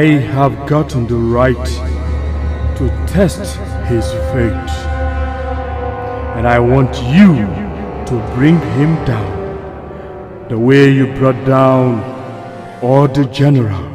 I have gotten the right to test his fate. And I want you to bring him down the way you brought down all the generals.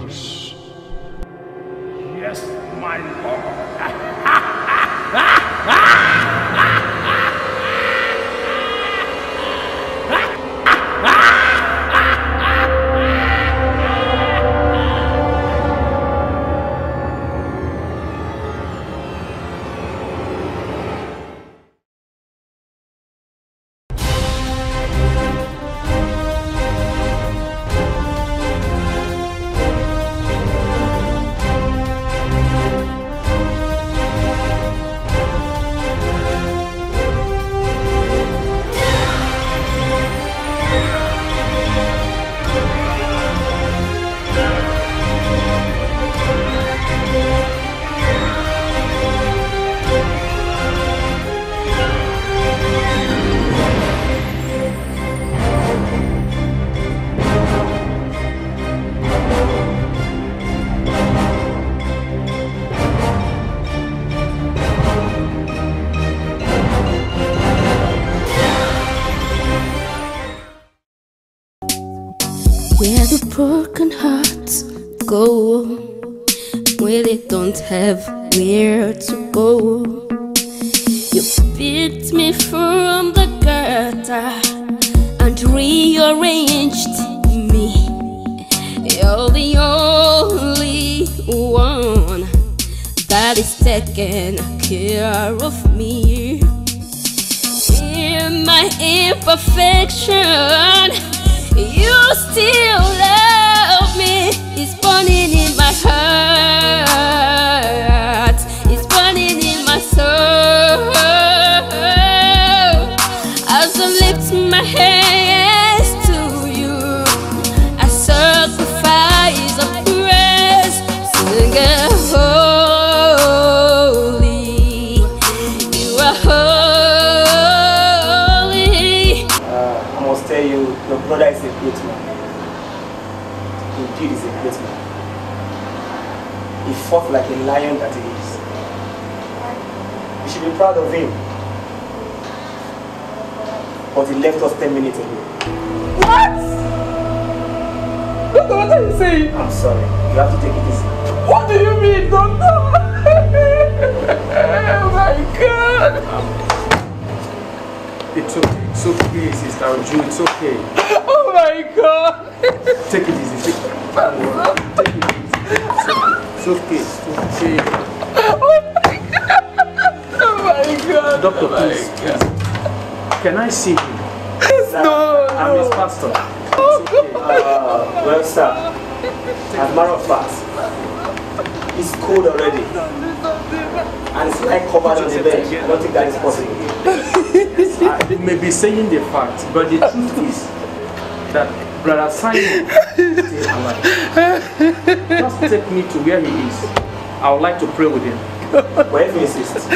I would like to pray with him. well, if you insist.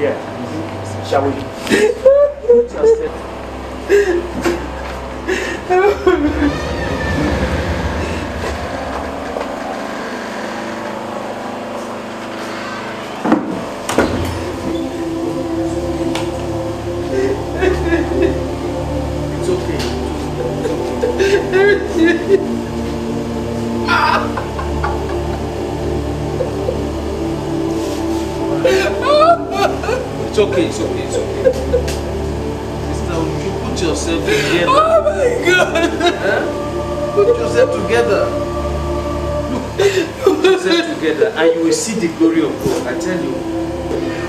Yeah. Shall we? Sister, would you put yourself together? Oh my god! Huh? Put yourself together. Put yourself together and you will see the glory of God. I tell you,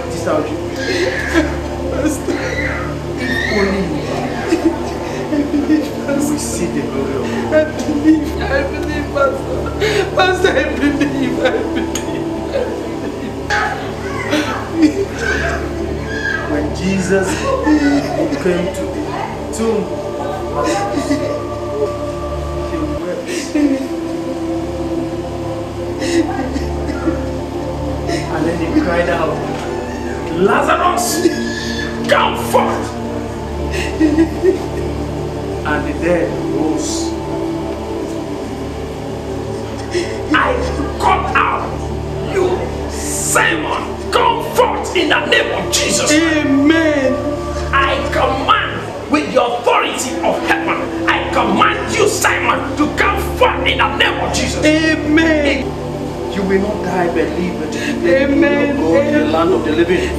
this how you Pastor. We see the glory of God. I believe, I believe, Pastor. Pastor, I believe, I believe. Jesus came to the tomb And then he cried out, Lazarus, come forth! And the dead rose. I got out, you Simon! in the name of Jesus. Amen. I command with the authority of heaven, I command you, Simon, to come forth in the name of Jesus. Amen. You will not die but live and Amen. Go in the land of the living.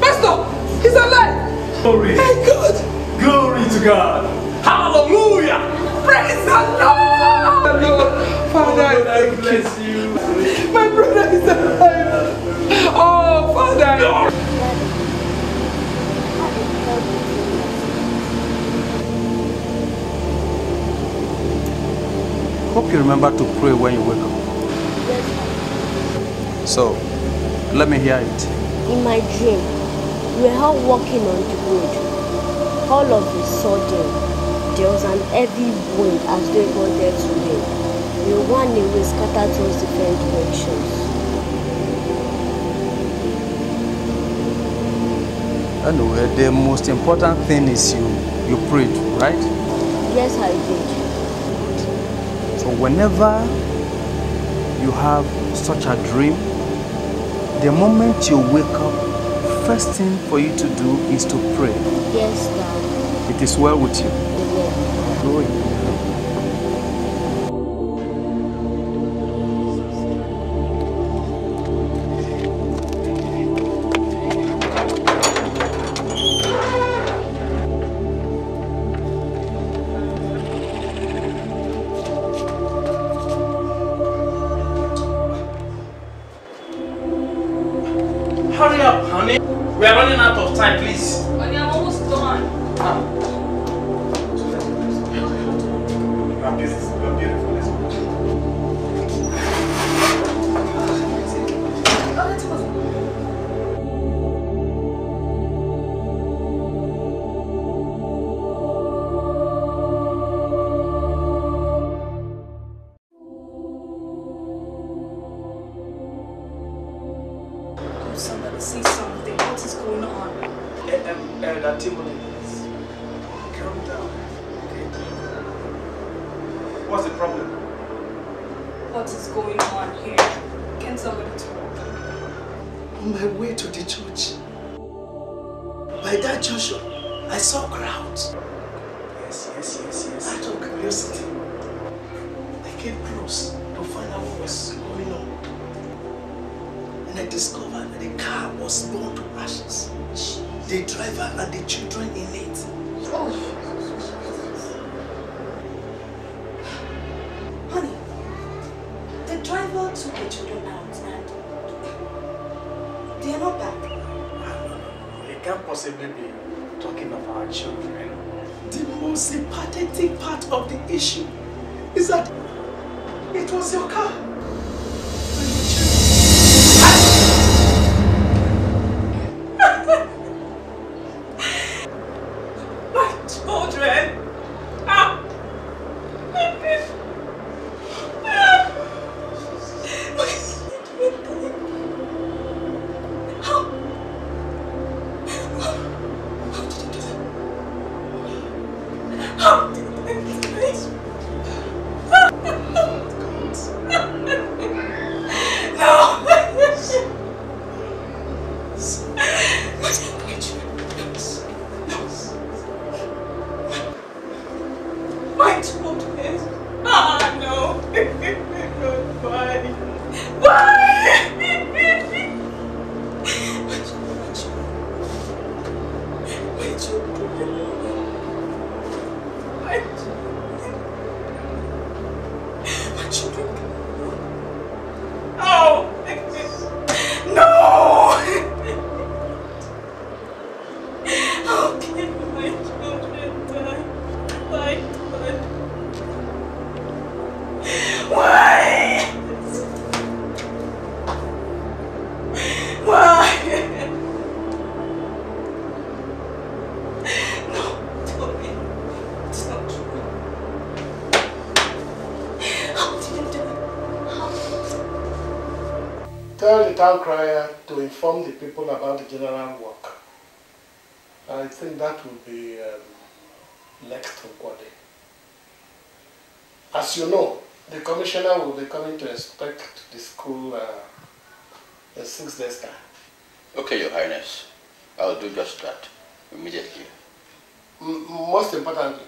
Pastor, he's alive. Glory. Thank God. Glory to God. Hallelujah. Praise the Lord. Father, I bless you. My brother is alive. Oh, Father. No. Hope you remember to pray when you wake up. So, let me hear it. In my dream, we were all walking on the road. All of a sudden, there was an heavy wind as they it wanted to rain. The one away scattered towards different directions. I know eh, the most important thing is you you prayed, right? Yes, I did. So whenever you have such a dream, the moment you wake up, first thing for you to do is to pray. Yes, Dad. It is well with you. Amen. Glory. commissioner will be coming to inspect the school uh, the sixth day Okay, Your Highness. I'll do just that immediately. M most importantly,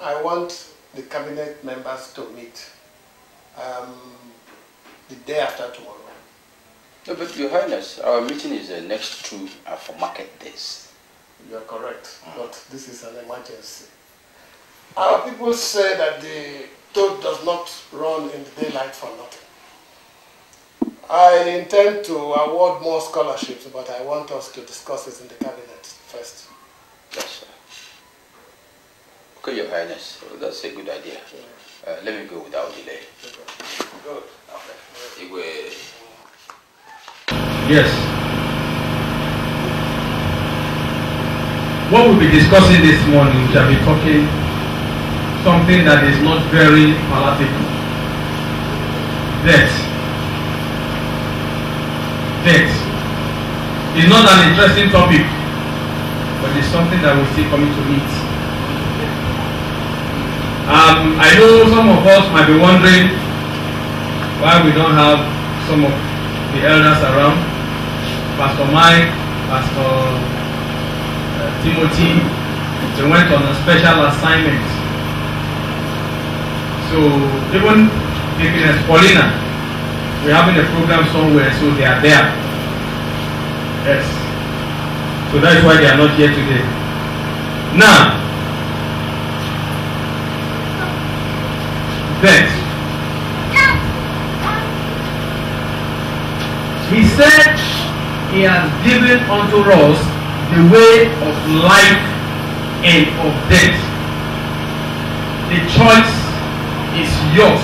I want the cabinet members to meet um, the day after tomorrow. No, but Your Highness, our meeting is the uh, next two uh, for market days. You are correct, mm. but this is an emergency. Our people say that the Toad does not run in the daylight for nothing. I intend to award more scholarships, but I want us to discuss this in the cabinet first. Yes, sir. Okay, Your Highness, that's a good idea. Uh, let me go without delay. Good. Okay. Yes. What we'll be discussing this morning shall be talking something that is not very palatable. Death. Death is not an interesting topic, but it's something that we see coming to meet. Um, I know some of us might be wondering why we don't have some of the elders around. Pastor Mike, Pastor uh, Timothy, they went on a special assignment so even taken as Paulina, we have in a program somewhere, so they are there. Yes. So that's why they are not here today. Now, that he said he has given unto us the way of life and of death, the choice is yours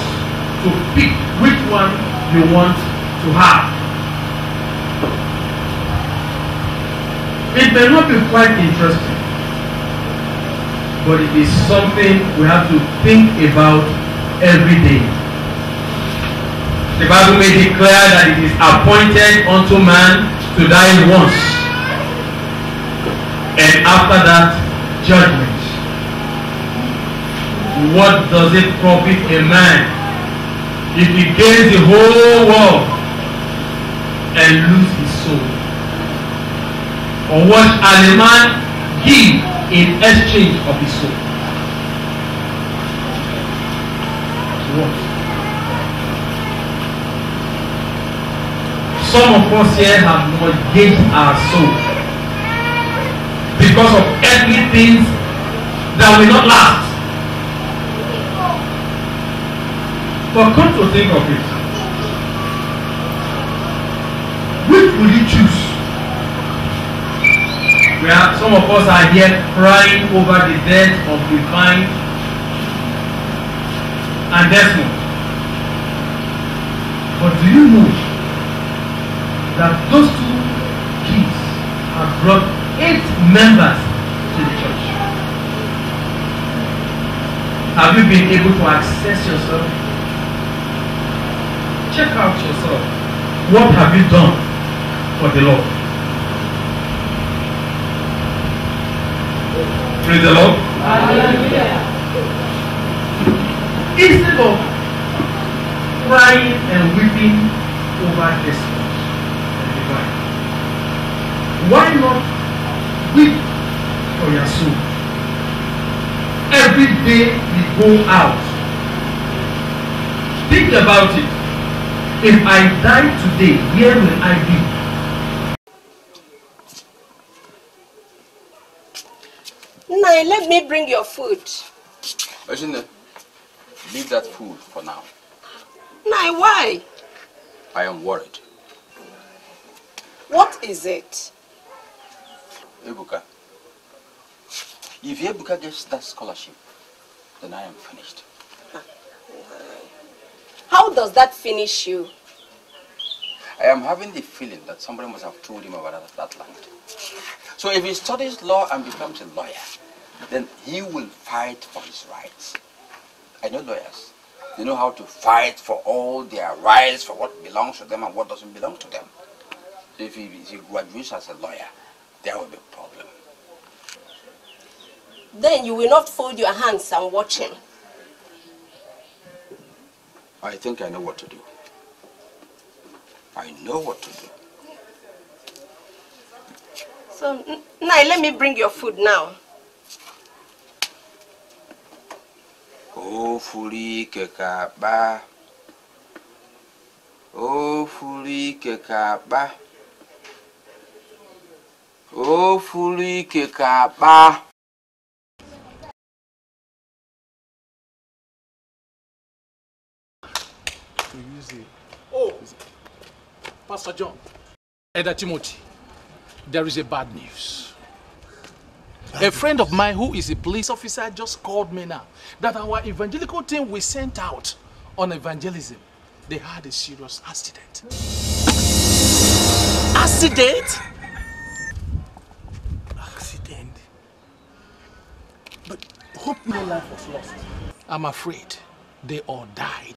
to pick which one you want to have. It may not be quite interesting, but it is something we have to think about every day. The Bible may declare that it is appointed unto man to die once, and after that, judgment. what does it profit a man if he gains the whole world and lose his soul? Or what shall a man give in exchange of his soul? What? Some of us here have not mortgaged our soul because of earthly things that will not last. But come to think of it, which will you choose? We are, some of us are here crying over the death of Divine and Desmond. But do you know that those two kids have brought eight members to the church? Have you been able to access yourself Check out yourself. What have you done for the Lord? Praise the Lord. Hallelujah. Instead of crying and weeping over this why not weep for your soul? Every day we go out. Think about it. If I die today, where will I be? Nai, let me bring your food. Oshine, leave that food for now. Nai, why? I am worried. What is it? Ebuka. If Ebuka gets that scholarship, then I am finished. How does that finish you? I am having the feeling that somebody must have told him about that land. So if he studies law and becomes a lawyer, then he will fight for his rights. I know lawyers. They know how to fight for all their rights, for what belongs to them and what doesn't belong to them. So if he, if he graduates as a lawyer, there will be a problem. Then you will not fold your hands and watch him. I think I know what to do. I know what to do. So, Nai, let me bring your food now. Hopefully, Kekaba. Hopefully, Kekaba. Hopefully, Kekaba. to use it. Oh, Pastor John, Elder Timothy, there is a bad news. Bad a news. friend of mine who is a police officer just called me now that our evangelical team we sent out on evangelism, they had a serious accident. Accident? Accident? But hope no life was lost. I'm afraid they all died.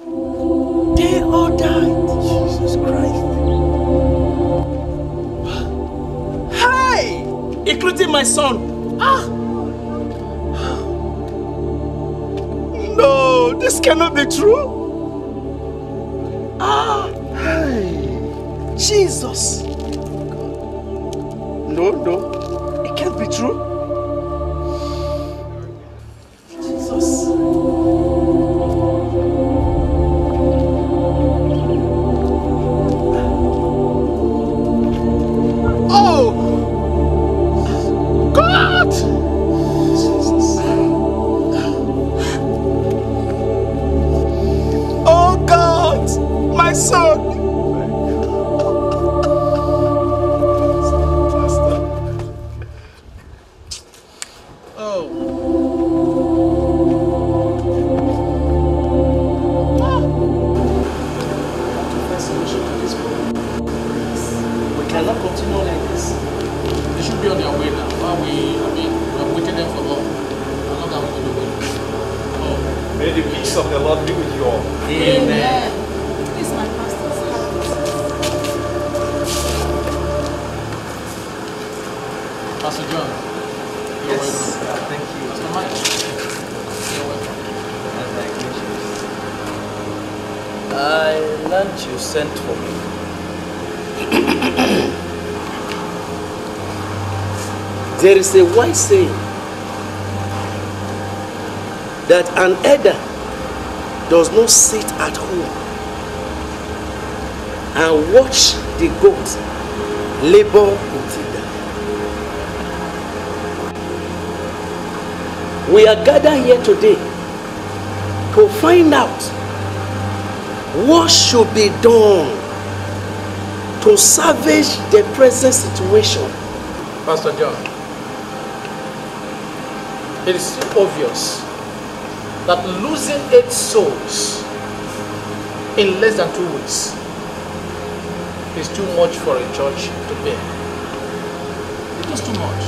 They all died. Jesus Christ. Hey! Including my son. Ah! No, this cannot be true. Ah! Hey! Jesus! No, no. It can't be true. There is a wise saying that an elder does not sit at home and watch the goats labor until death. We are gathered here today to find out what should be done to salvage the present situation. Pastor John it is obvious that losing eight souls in less than two weeks is too much for a church to bear. It is too much.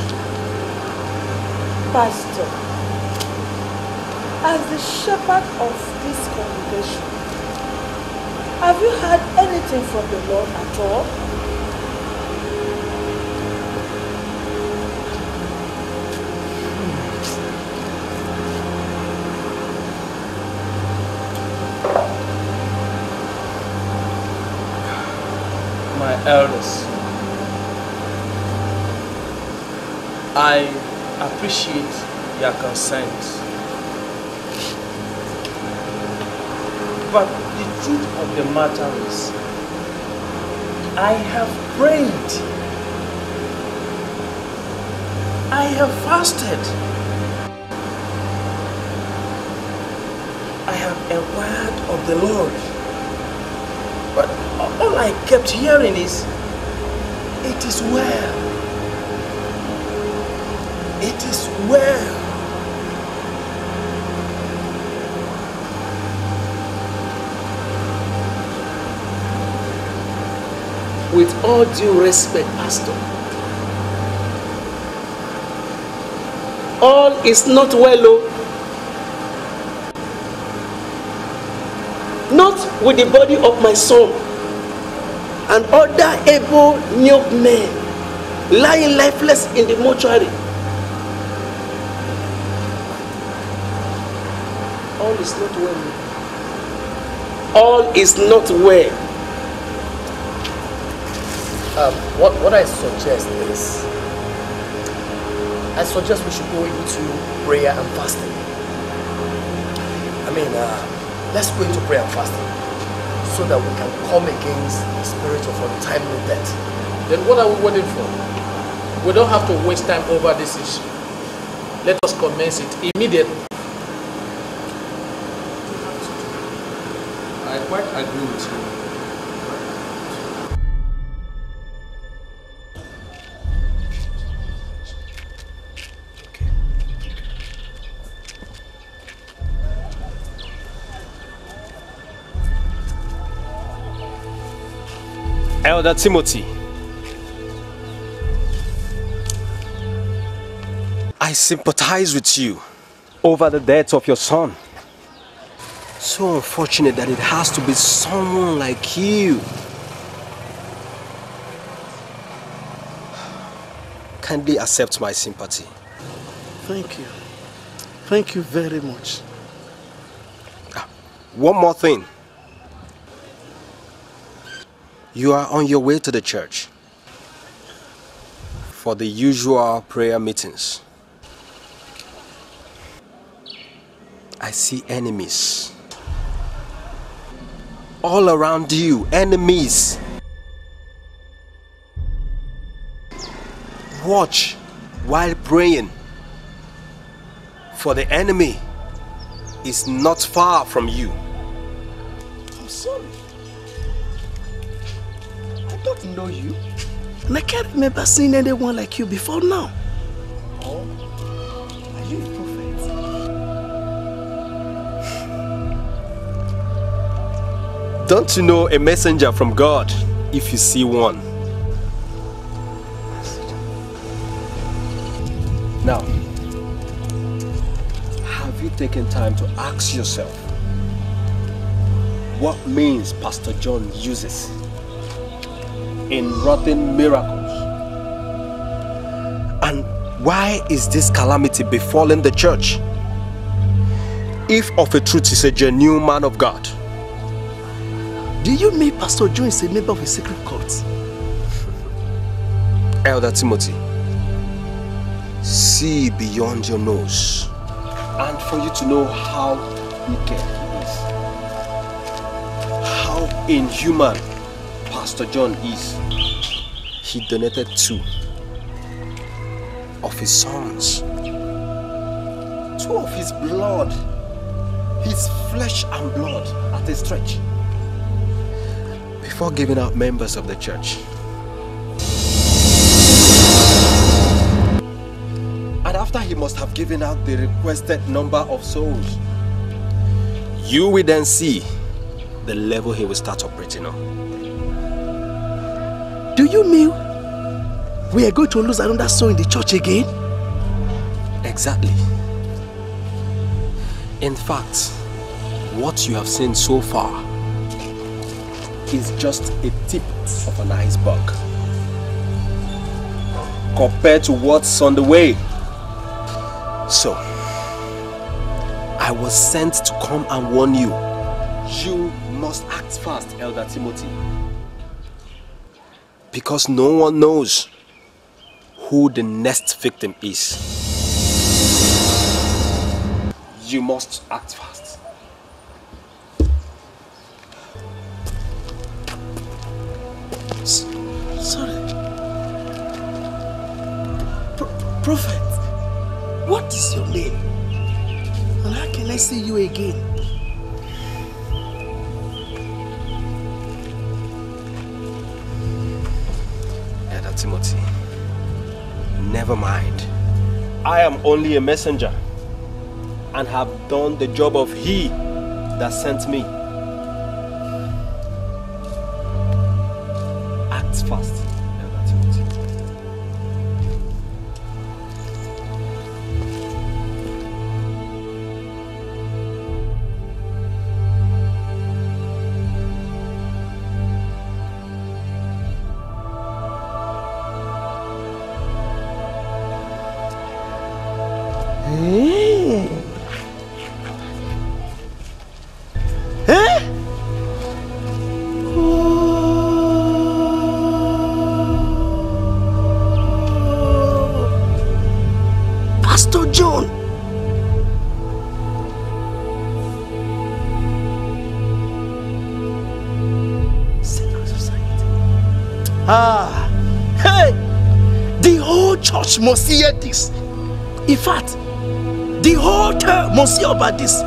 Pastor, as the shepherd of this congregation, have you heard anything from the Lord at all? appreciate your consent. But the truth of the matter is, I have prayed. I have fasted. I have inquired of the Lord. But all I kept hearing is, it is well. well. With all due respect, Pastor, all is not well. -o. Oh. Not with the body of my son and other able young men lying lifeless in the mortuary. is not well. All is not well. Um, what, what I suggest is, I suggest we should go into prayer and fasting. I mean, uh, let's go into prayer and fasting so that we can come against the spirit of untimely death. Then what are we waiting for? We don't have to waste time over this issue. Let us commence it immediately. Elder Timothy. I sympathize with you over the death of your son. So unfortunate that it has to be someone like you. Kindly accept my sympathy. Thank you. Thank you very much. Ah, one more thing. You are on your way to the church for the usual prayer meetings. I see enemies all around you, enemies. Watch while praying, for the enemy is not far from you. I'm oh, sorry. I don't know you. And I can't remember seeing anyone like you before now. Oh. Don't you know a messenger from God if you see one? Now, have you taken time to ask yourself what means Pastor John uses in rotting miracles? And why is this calamity befalling the church? If of a truth is a genuine man of God, do you mean Pastor Joe is a member of a secret cult? Elder Timothy, see beyond your nose and for you to know how wicked he is. How inhuman Pastor John is. He donated two of his sons, two of his blood, his flesh and blood at a stretch for giving out members of the church. And after he must have given out the requested number of souls, you will then see the level he will start operating on. Do you mean we are going to lose another soul in the church again? Exactly. In fact, what you have seen so far is just a tip of an iceberg compared to what's on the way. So, I was sent to come and warn you. You must act fast, Elder Timothy. Because no one knows who the next victim is. You must act fast. Sorry. Pro prophet, what is your name? And how can I see you again? Elder Timothy, never mind. I am only a messenger and have done the job of he that sent me. fast. Monsieur Badis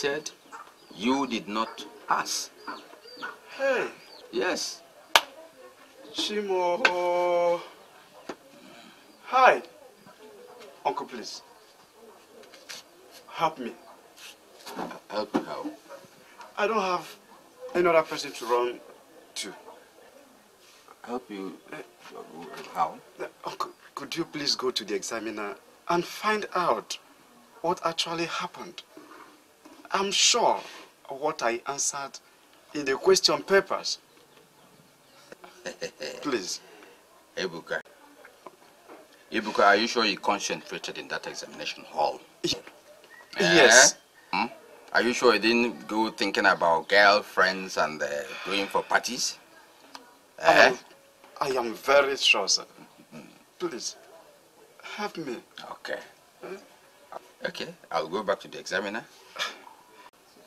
said, you did not pass. Hey. Yes. Shimo. Hi. Uncle, please. Help me. Help you how? I don't have another person to run to. Help you uh, how? Uh, Uncle, could you please go to the examiner and find out what actually happened? I'm sure what I answered in the question papers. Please. Ebuka. Ebuka, are you sure you concentrated in that examination hall? Eh? Yes. Hmm? Are you sure you didn't go thinking about girlfriends and uh, going for parties? I, am, eh? I am very sure, sir. Please, help me. Okay. Hmm? Okay, I'll go back to the examiner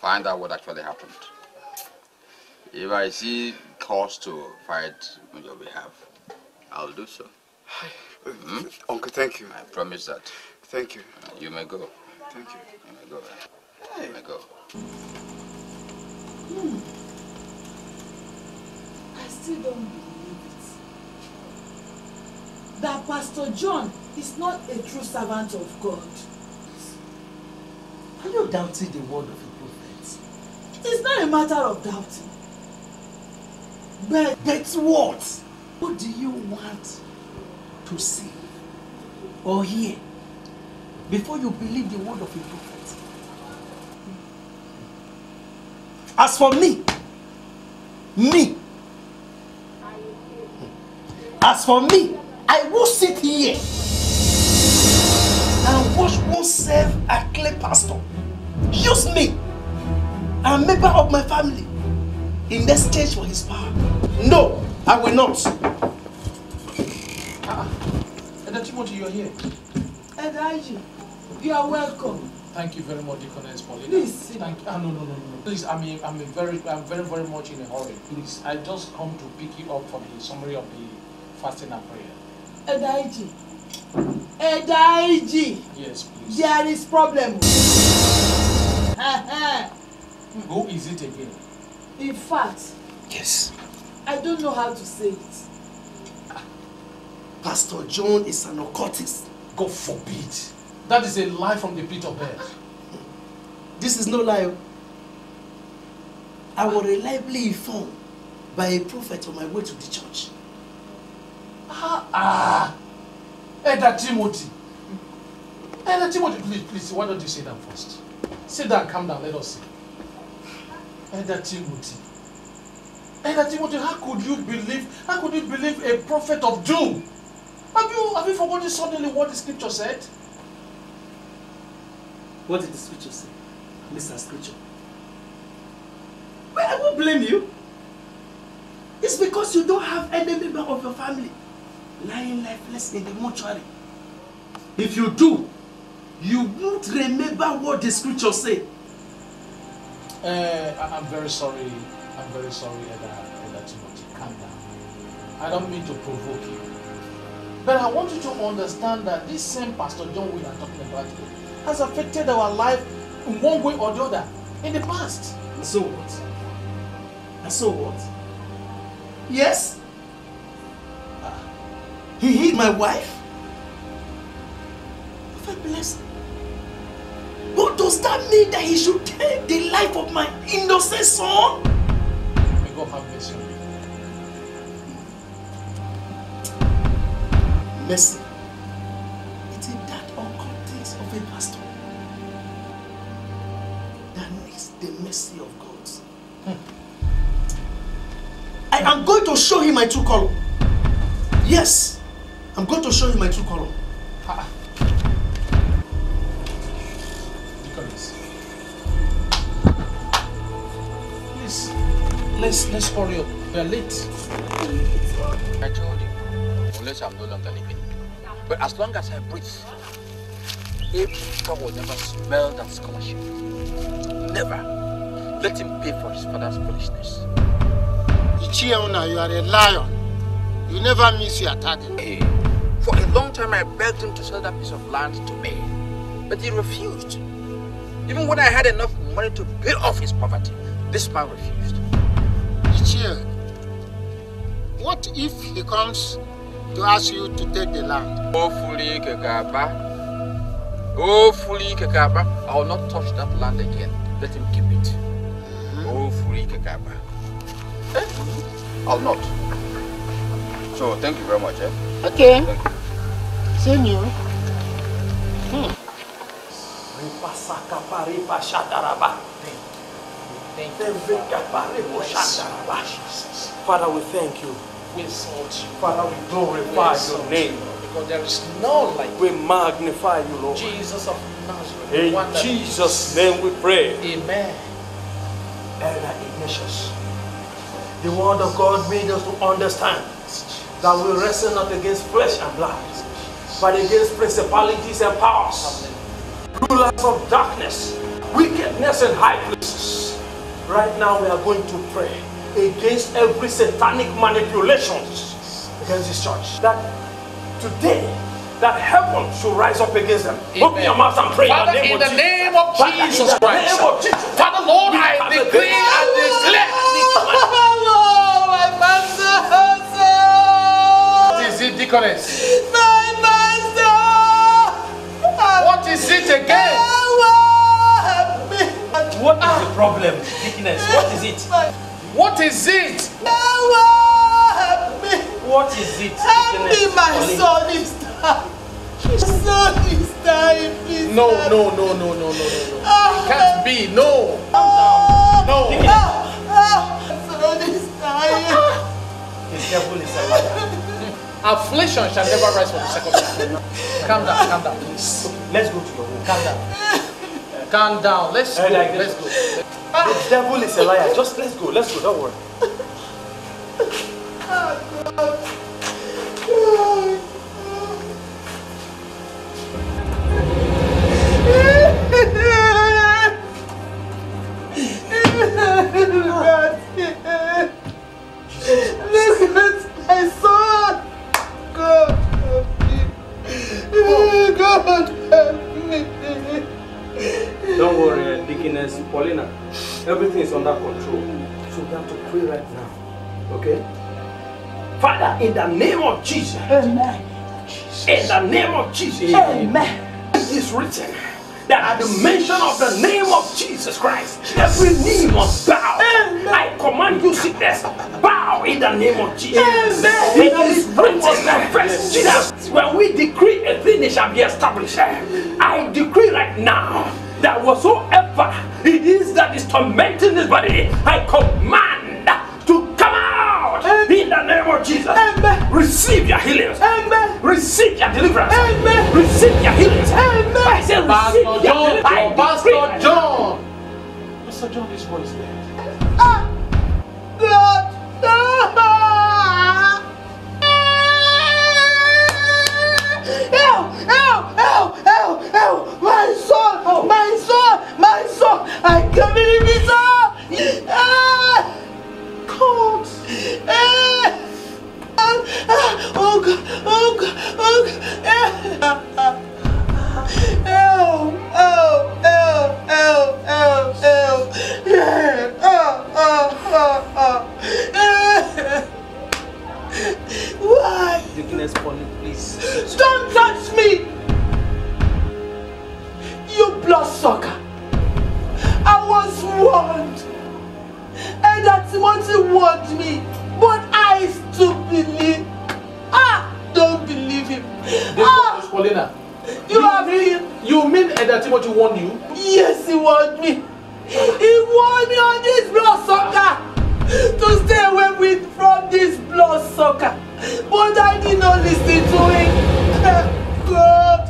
find out what actually happened. If I see cause to fight on your behalf, I'll do so. Hmm? Uncle, thank you. I promise that. Thank you. you may go. Thank you. You may go. Hey. You may go. Hmm. I still don't believe it. That Pastor John is not a true servant of God. Are you doubting the word of God? It's not a matter of doubting. But, but what? What do you want to see or hear before you believe the word of a prophet? As for me, me, as for me, I will sit here and watch myself a clay pastor. Use me a member of my family in exchange for his power. No, I will not. Ah, ah. Elder Timothy, you are here. Elder Aji, you are welcome. Thank you very much, Deaconess Paulina. Please sit. Thank you. Ah, no, no, no, no. Please, I'm, I'm very, I'm very, very much in a hurry. Please, I just come to pick you up for the summary of the fasting and prayer. Elder Aji. Elder Aji. Yes, please. There is problem. Ha ha. Who is it again? In fact, yes. I don't know how to say it. Pastor John is an occultist. God forbid. That is a lie from the pit of hell. This is no lie. I was reliably informed by a prophet on my way to the church. Ah, ah. Elder Timothy. Elder Timothy, please, please, why don't you sit down first? Sit down, calm down, let us see. elder timothy elder timothy how could you believe how could you believe a prophet of doom have you have you forgotten suddenly what the scripture said what did the scripture say mr scripture well i won't blame you it's because you don't have any member of your family lying lifeless in the mortuary if you do you won't remember what the scripture said Eh, I, am very sorry. I'm very sorry, Eda, Eda Timothy. Calm down. I don't mean to provoke you. But I want you to understand that this same Pastor John we are talking about today has affected our life in one way or the other in the past. And so what? And so what? Yes? Uh, he hid my wife? Have I blessed But does that mean that he should take the life of my innocent son? May God have mercy on you. Mercy. It is that uncommon things of a pastor that needs the mercy of God. Hmm. I am going to show him my true color. Yes, I'm going to show him my true color. Let's let's hurry up. We are late. I told you. Unless I'm no longer living. But as long as I breathe, Abraham will never smell that scholarship. Never. Let him pay for his father's foolishness. Ichiona, you are a lion. You never miss your target. Hey, eh, for a long time I begged him to sell that piece of land to me. But he refused. Even when I had enough money to pay off his poverty, this man refused chair. What if he comes to ask you to take the land? Hopefully, Kekaba. Hopefully, Kekaba. I will not touch that land again. Let him keep it. Mm -hmm. Hopefully, Kekaba. Eh? I'll not. So, thank you very much. Eh? Okay. Thank you. Hmm. Father, we thank you. We exalt you. Father, we glorify your name. because there is none like We magnify you, Lord. Jesus of Nazareth. In Jesus' name we pray. Amen. Elder Ignatius. The word of God made us to understand that we wrestle not against flesh and blood, but against principalities and powers, rulers of darkness, wickedness and high places Right now we are going to pray against every satanic manipulation against this church. That today, that heaven should rise up against them. Amen. Open your mouth and pray Father, in the name of Jesus Christ. Father, Lord, I decree and declare. What is it, deaconess? My master. What is it again? What is the problem? thickness? What is it? What is it? What is it? Help me, my son is dying. Son is dying, please. No, no, no, no, no, no, no. No. Ah. can't be. No. Ah. No. Ah. Son is dying. Be careful, Affliction shall never rise for the second time. Calm down, calm down. Let's go to your room. Calm down. Calm down. Let's go. let's go. the devil is a ah. liar. Just let's go. Let's go. Don't worry. oh, God. Let's go. Don't worry, Dickiness, Paulina. Everything is under control. So we have to pray right now. Okay? Father, in the name of Jesus. Amen. In the name of Jesus. Amen. It is written that at the mention of the name of Jesus Christ, every knee must bow. Amen. I command you sickness, bow in the name of Jesus. Amen. It is written confess Jesus. When we decree a thing, it shall be established. I decree right now that whatsoever it is that is tormenting this body, I command to come out Amen. in the name of Jesus. Amen. Receive your healings. Amen. Receive your deliverance. Amen. Receive your healings. Amen. I say, receive Pastor your John, I oh, Pastor John. John. Pastor John, this boy is dead. Ah, God, ah. ow, ow, ow, my soul, my soul, my soul, I can't believe it all. Ah, cold. Ah, oh God, oh God, oh God. Ah, ah, Ow, ow, Yeah, Why? Dickiness Polly, please. Don't touch me! You bloodsucker! I was warned! And that Timothy warned me, but I still believe. Ah! Don't believe him. This ah! Paulina. You, you have mean, been... You mean Edda Timothy warned you? Yes, he warned me. He warned me on this bloodsucker! Ah to stay away with from this blood sucker. But I did not listen to him. God.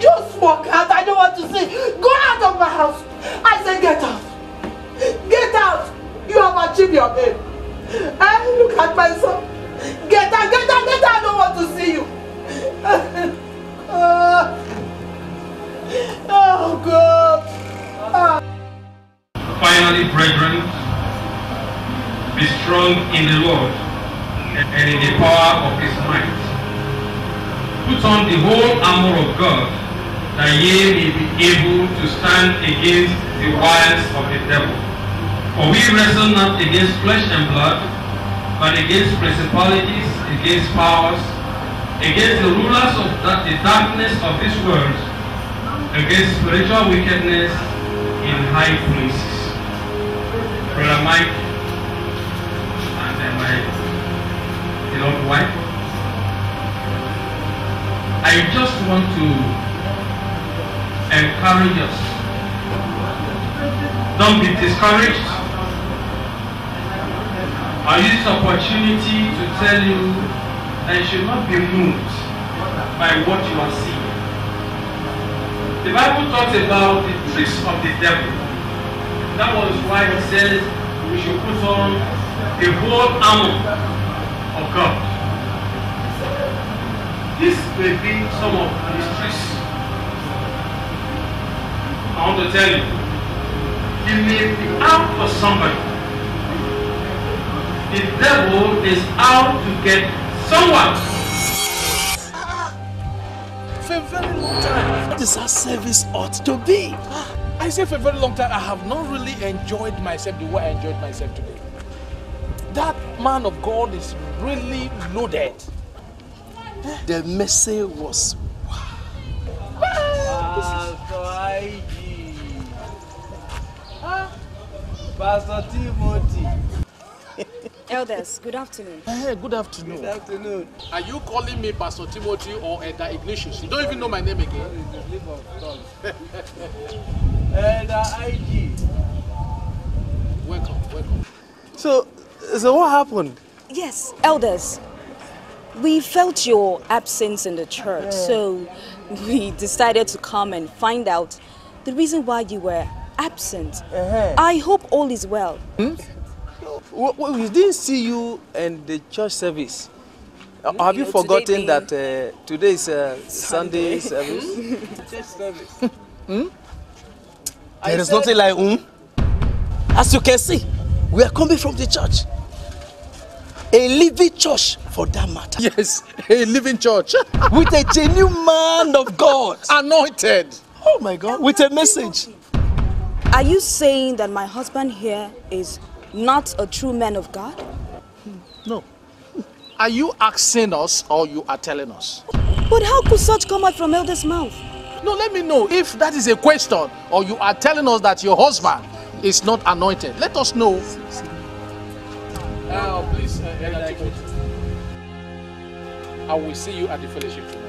Just walk out. I don't want to see. Go out of my house. I said get out. Get out. You have achieved your aim. Eh? Look at my son. Get out, get out, get out. I don't want to see you. uh, oh, God. Uh. Finally, brethren, be strong in the Lord and in the power of his might. Put on the whole armor of God, that ye may be able to stand against the wiles of the devil. For we wrestle not against flesh and blood, but against principalities, against powers, against the rulers of the darkness of this world, against spiritual wickedness in high places. Brother Mike and my beloved wife. I just want to encourage us. Don't be discouraged. I use this opportunity to tell you that you should not be moved by what you are seeing. The Bible talks about the tricks of the devil that was why he says we should put on the whole armor of God. This may be some of the mysteries. I want to tell you, he may be out for somebody. The devil is out to get someone. For a very long time, this is how service ought to be. Ah. I say for a very long time, I have not really enjoyed myself the way I enjoyed myself today. That man of God is really loaded. The message was Pastor Timothy. Elders, good afternoon. Hey, eh, good afternoon. Good afternoon. Are you calling me Pastor Timothy or a Ignatius? You don't even know my name again. and uh, IG. Welcome, welcome. So, so what happened? Yes, elders. We felt your absence in the church, so we decided to come and find out the reason why you were absent. Uh -huh. I hope all is well. Hmm? We, we didn't see you in the church service. Uh, have you, you know, forgotten today that uh, today is uh, Sunday. Sunday service? church service. hmm? I there is nothing like um. As you can see, we are coming from the church. A living church, for that matter. Yes, a living church. With a genuine man of God. Anointed. Oh my God, with a message. Are you saying that my husband here is not a true man of God? No. Are you asking us or you are telling us? But how could such come out from Elder's mouth? No, let me know if that is a question or you are telling us that your husband is not anointed. Let us know. Uh, please, uh, I will see you at the fellowship tomorrow.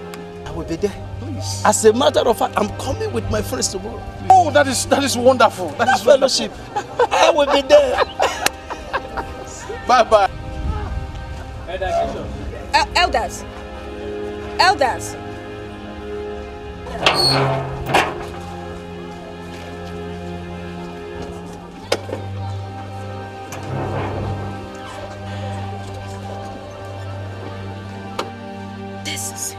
I will be there. Please. As a matter of fact, I'm coming with my friends tomorrow. Please. Oh, that is that is wonderful. that is fellowship. I will be there. bye bye. Elders. Elders. Elders. This is...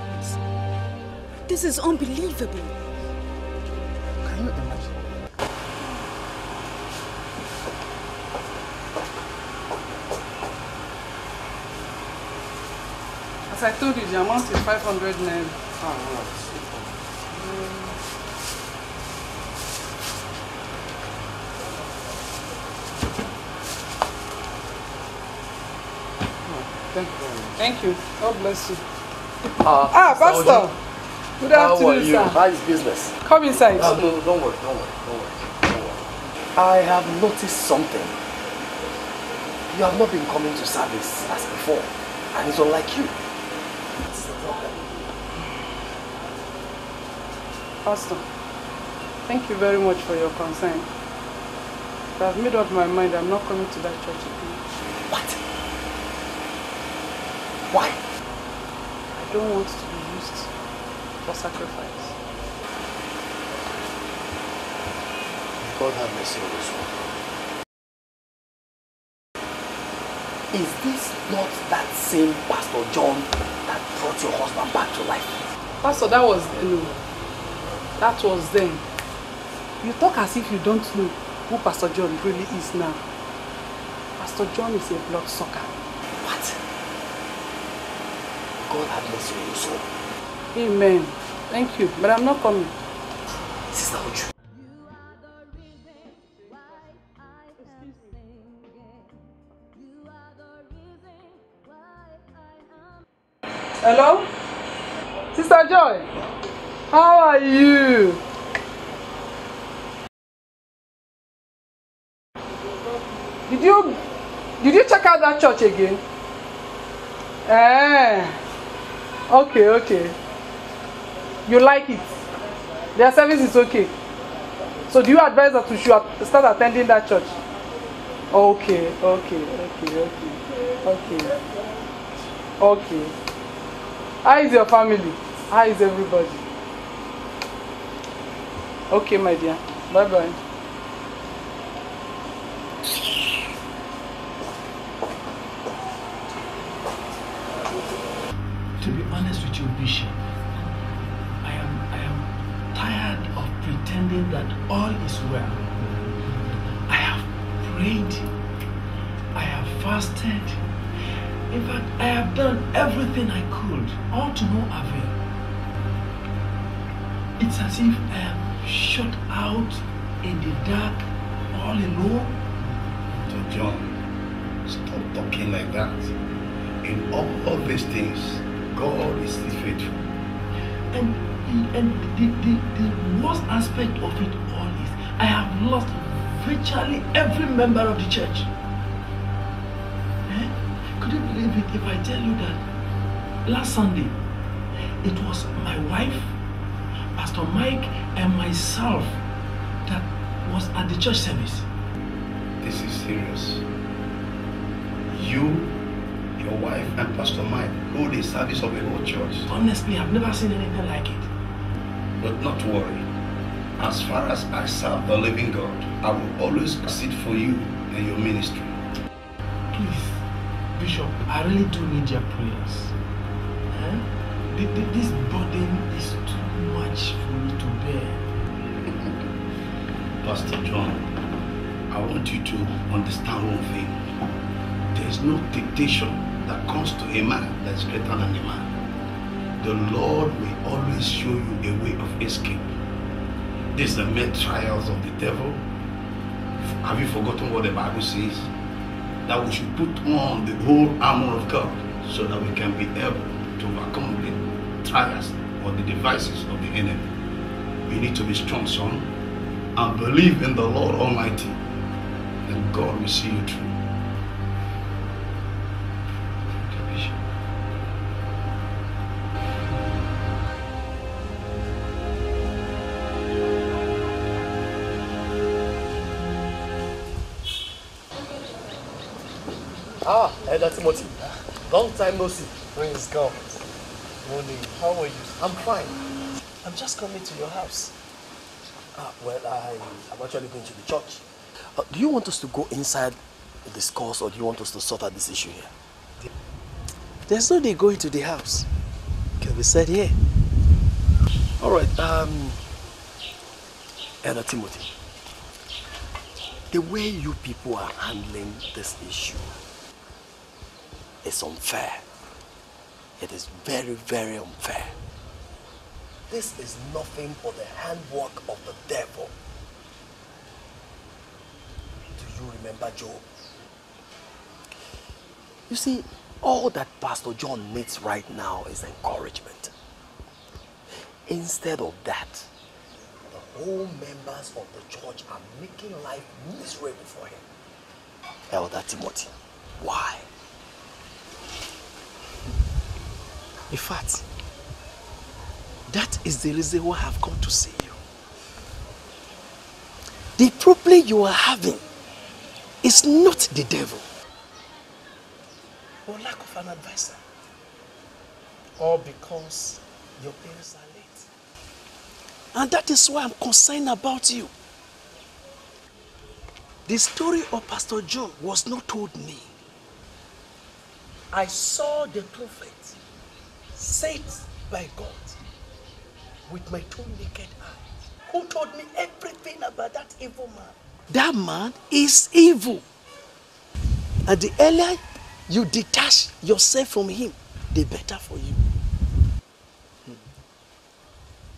This is unbelievable. Can you imagine? As I told you, the amount is 500 naira. Oh, Thank you. Thank you. God bless you. Uh, ah, Pastor. Good How afternoon, sir. How is business? Come inside. No, ah, no, don't worry, don't worry, don't worry, don't worry. I have noticed something. You have not been coming to service as before, and it's unlike you. the problem. Pastor, thank you very much for your concern. But I've made up my mind I'm not coming to that church again. What? Why? I don't want to be used for sacrifice. God have mercy on this one. Is this not that same Pastor John that brought your husband back to life? Pastor, that was then. That was then. You talk as if you don't know who Pastor John really is now. Pastor John is a blood sucker. What? God have mercy on your soul. Amen. Thank you, but I'm not coming. Sister Uju. Hello? Sister Joy, how are you? Did you did you check out that church again? Eh okay okay you like it their service is okay so do you advise that we should start attending that church okay okay okay okay okay okay how is your family how is everybody okay my dear bye bye. understanding that all is well. I have prayed. I have fasted. In fact, I have done everything I could, all to no avail. It's as if I am shut out in the dark, all alone. Dr. John, stop talking like that. In all of these things, God is faithful. And and the, the, the worst aspect of it all is I have lost virtually every member of the church. Eh? Could you believe it if I tell you that last Sunday it was my wife, Pastor Mike, and myself that was at the church service. This is serious. You, your wife, and Pastor Mike hold a service of a whole church. Honestly, I've never seen anything like it. But not worry. As far as I serve the living God, I will always sit for you and your ministry. Please, Bishop, I really do need your prayers. Huh? Eh? This burden is too much for me to bear. Pastor John, I want you to understand one thing. There is no temptation that comes to a man that is greater than a man the Lord will always show you a way of escape. This is the main trials of the devil. Have you forgotten what the Bible says? That we should put on the whole armor of God so that we can be able to overcome the trials or the devices of the enemy. You need to be strong, son, and believe in the Lord Almighty, and God will see you through. time no see. God. Morning. How are you? I'm fine. I'm just coming to your house. Ah, well, I, I'm actually going to the church. Uh, do you want us to go inside this course or do you want us to sort out this issue here? There's no need going to the house. can be said here. All right, um, Elder Timothy, the way you people are handling this issue is unfair. It is very, very unfair. This is nothing but the handwork of the devil. Do you remember Job? You see, all that Pastor John needs right now is encouragement. Instead of that, the whole members of the church are making life miserable for him. Elder Timothy, why? In fact, that is the reason why I've come to see you. The problem you are having is not the devil, or lack of an advisor, or because your parents are late. And that is why I'm concerned about you. The story of Pastor Joe was not told me. I saw the prophet sent by God with my two naked eyes, who told me everything about that evil man. That man is evil. And the earlier you detach yourself from him, the better for you. Hmm.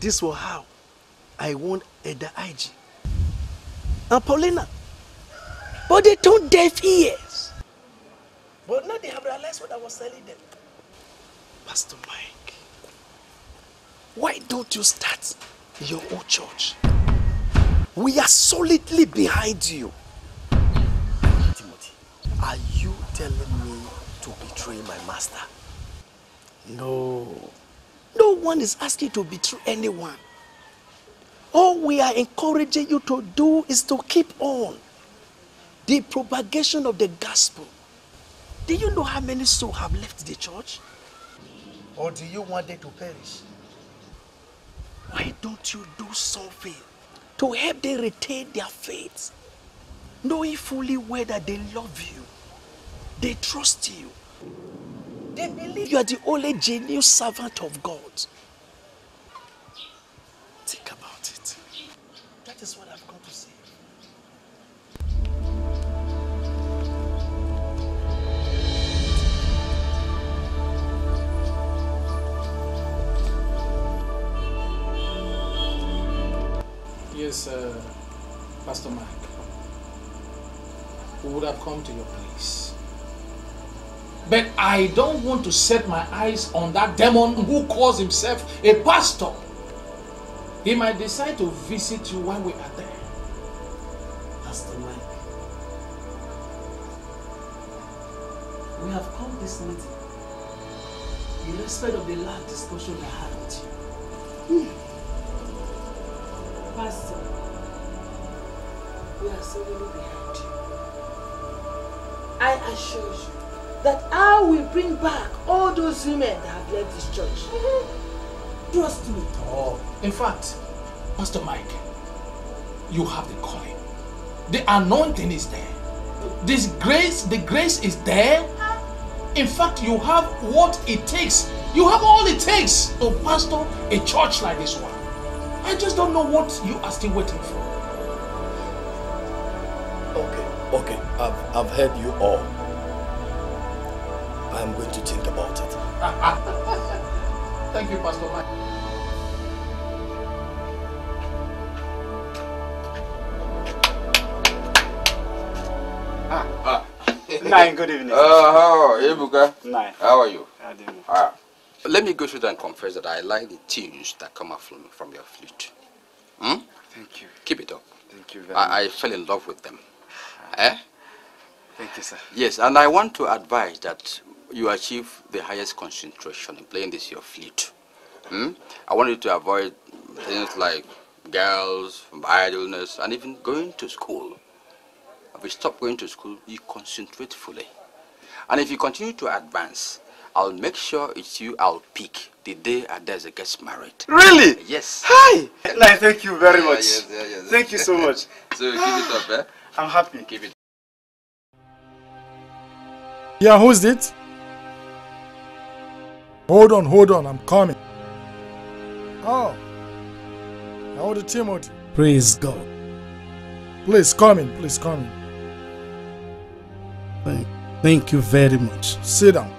This was how I won Eda Ig. and Paulina. But they turned deaf ears. But now they have realized what I was telling them. Pastor Mike, why don't you start your own church? We are solidly behind you. Timothy, are you telling me to betray my master? No. No one is asking to betray anyone. All we are encouraging you to do is to keep on the propagation of the gospel. Do you know how many souls have left the church? Or do you want them to perish? Why don't you do something to help them retain their faith? Knowing fully well that they love you, they trust you, they believe you are the only genuine servant of God. Think about it. That is what I. this uh, Pastor Mark, who would have come to your place. But I don't want to set my eyes on that demon who calls himself a pastor. He might decide to visit you while we are there. Pastor Mike, we have come this meeting in respect of the last discussion I had with you. Hmm person, we are suddenly behind you. I assure you that I will bring back all those women that have left this church. Mm-hmm. Trust me. Oh, in fact, Pastor Mike, you have the calling. The anointing is there. This grace, the grace is there. In fact, you have what it takes. You have all it takes to pastor a church like this one. I just don't know what you are still waiting for. Okay, okay. I've, I've heard you all. I'm going to think about it. Thank you, Pastor Mike. Ah, ah. Nine, good evening. Uh, how are you, Nine. How are you? I didn't. Ah. Let me go through and confess that I like the tunes that come out from, from your flute. Hmm? Thank you. Keep it up. Thank you very I, much. I fell in love with them. Ah. eh? Thank you, sir. Yes, and I want to advise that you achieve the highest concentration in playing this your flute. Hmm? I want you to avoid things like girls, idleness, and even going to school. If you stop going to school, you concentrate fully. And if you continue to advance, I'll make sure it's you I'll pick the day Adesa gets married. Really? Yes. Hi! No, thank you very much. Yeah, yes, yeah, yes. Thank you so much. so give it up, eh? I'm happy. Give it. Yeah, who's it? Hold on, hold on, I'm coming. Oh. How the Timothy? Praise God. Please come in, please come in. Thank, thank you very much. Sit down.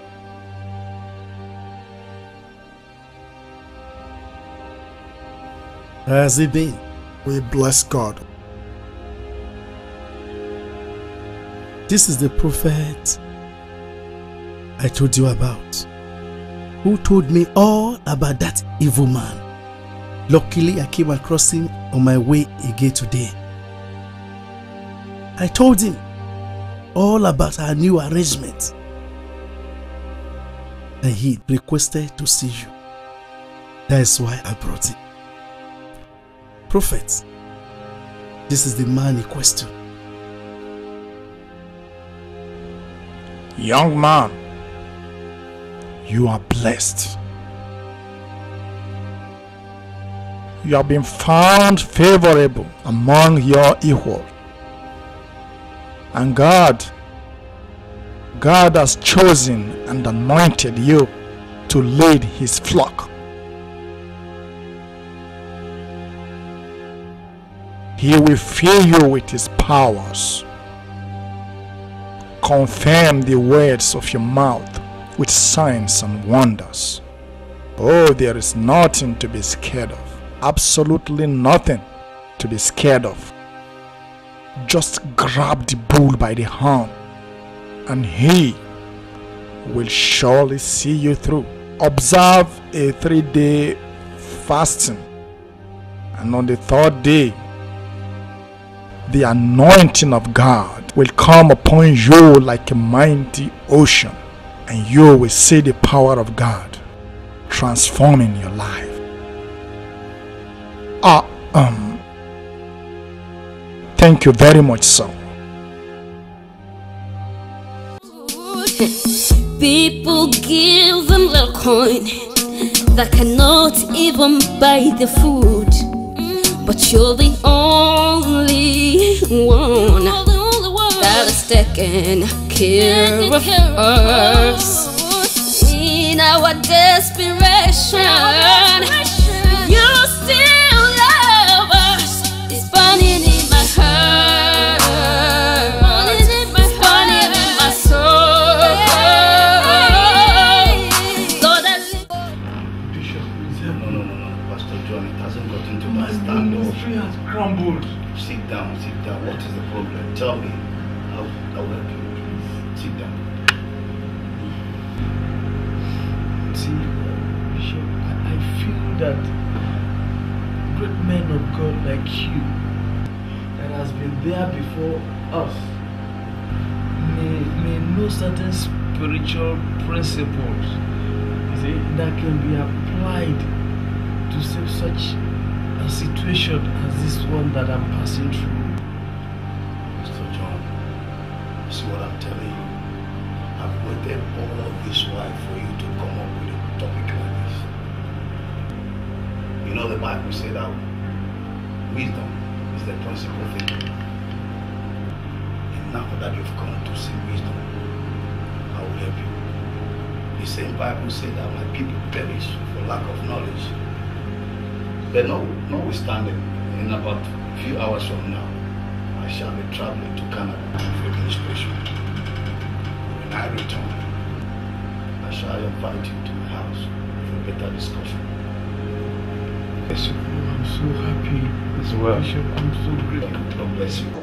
has it been? We bless God. This is the prophet I told you about, who told me all about that evil man. Luckily, I came across him on my way again today. I told him all about our new arrangement. And he requested to see you. That is why I brought him prophet. This is the man in question. Young man, you are blessed. You have been found favorable among your equal. And God, God has chosen and anointed you to lead his flock. He will fill you with His powers. Confirm the words of your mouth with signs and wonders. Oh, there is nothing to be scared of. Absolutely nothing to be scared of. Just grab the bull by the horn, and he will surely see you through. Observe a three day fasting, and on the third day, the anointing of God will come upon you like a mighty ocean, and you will see the power of God transforming your life. Ah, um, thank you very much, sir. People give them little coin that cannot even buy the food. But you're the only one that is taking care of us. In our desperation, you still. us may, may know certain spiritual principles you see, that can be applied to save such a situation as this one that I'm passing through. Mr. John, see what I'm telling you? I've waited all this while for you to come up with a topic like this. You know the Bible says that wisdom is the principal thing now that you've come to see wisdom, I will help you. The same Bible said that my people perish for lack of knowledge. But notwithstanding, in about a few hours from now, I shall be traveling to Canada for administration. When I return, I shall invite you to my house for better discussion. Yes, I'm so happy as well. I'm so grateful. God bless you.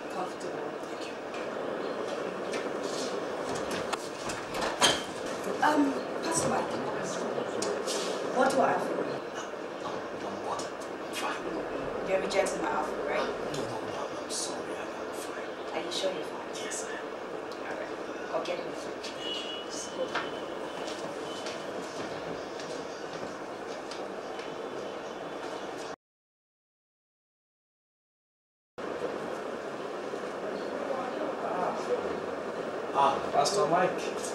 last Mike. like.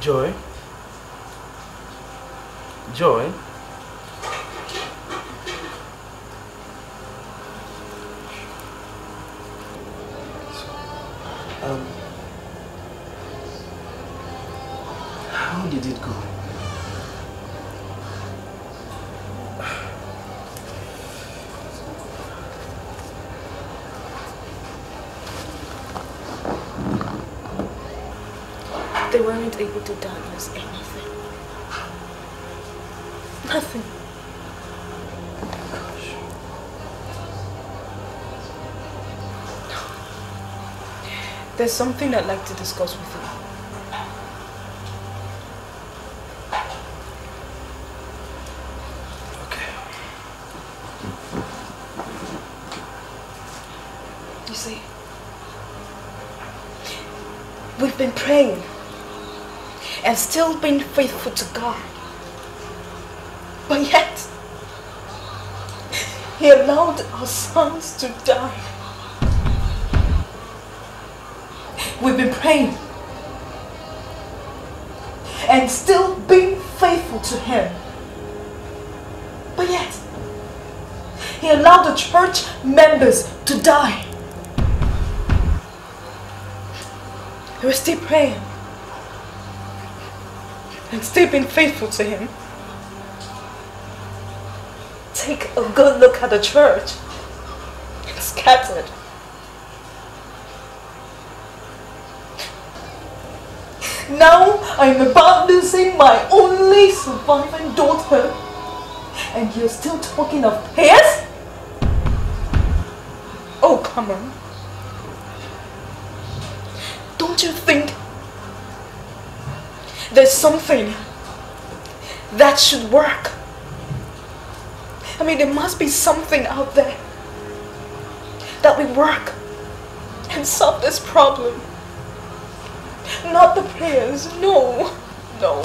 joy, joy, um, how did it go? able to diagnose anything. Nothing. Gosh. No. There's something I'd like to discuss with you. and still being faithful to God. But yet, He allowed our sons to die. We've been praying and still being faithful to Him. But yet, He allowed the church members to die. We're still praying and still being faithful to him. Take a good look at the church. It's scattered. Now I'm about losing my only surviving daughter. And you're still talking of his? Oh, come on. there's something that should work. I mean, there must be something out there that will work and solve this problem. Not the prayers, no, no,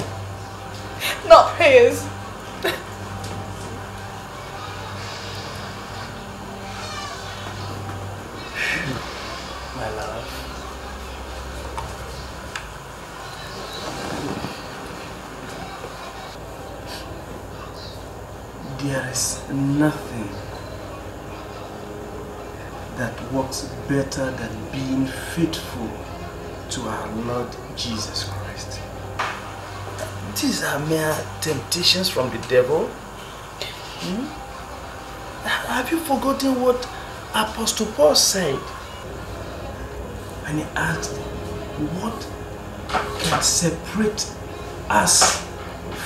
not prayers. better than being faithful to our Lord Jesus Christ. These are mere temptations from the devil. Hmm? Have you forgotten what Apostle Paul said? And he asked, what can separate us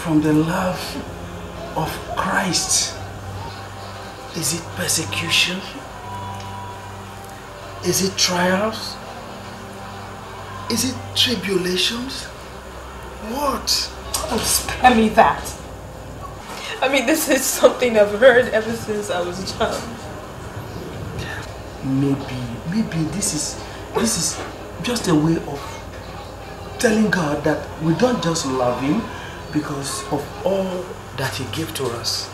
from the love of Christ? Is it persecution? Is it trials? Is it tribulations? What? Oh, spare me that. I mean, this is something I've heard ever since I was a child. Maybe, maybe this is, this is just a way of telling God that we don't just love Him because of all that He gave to us,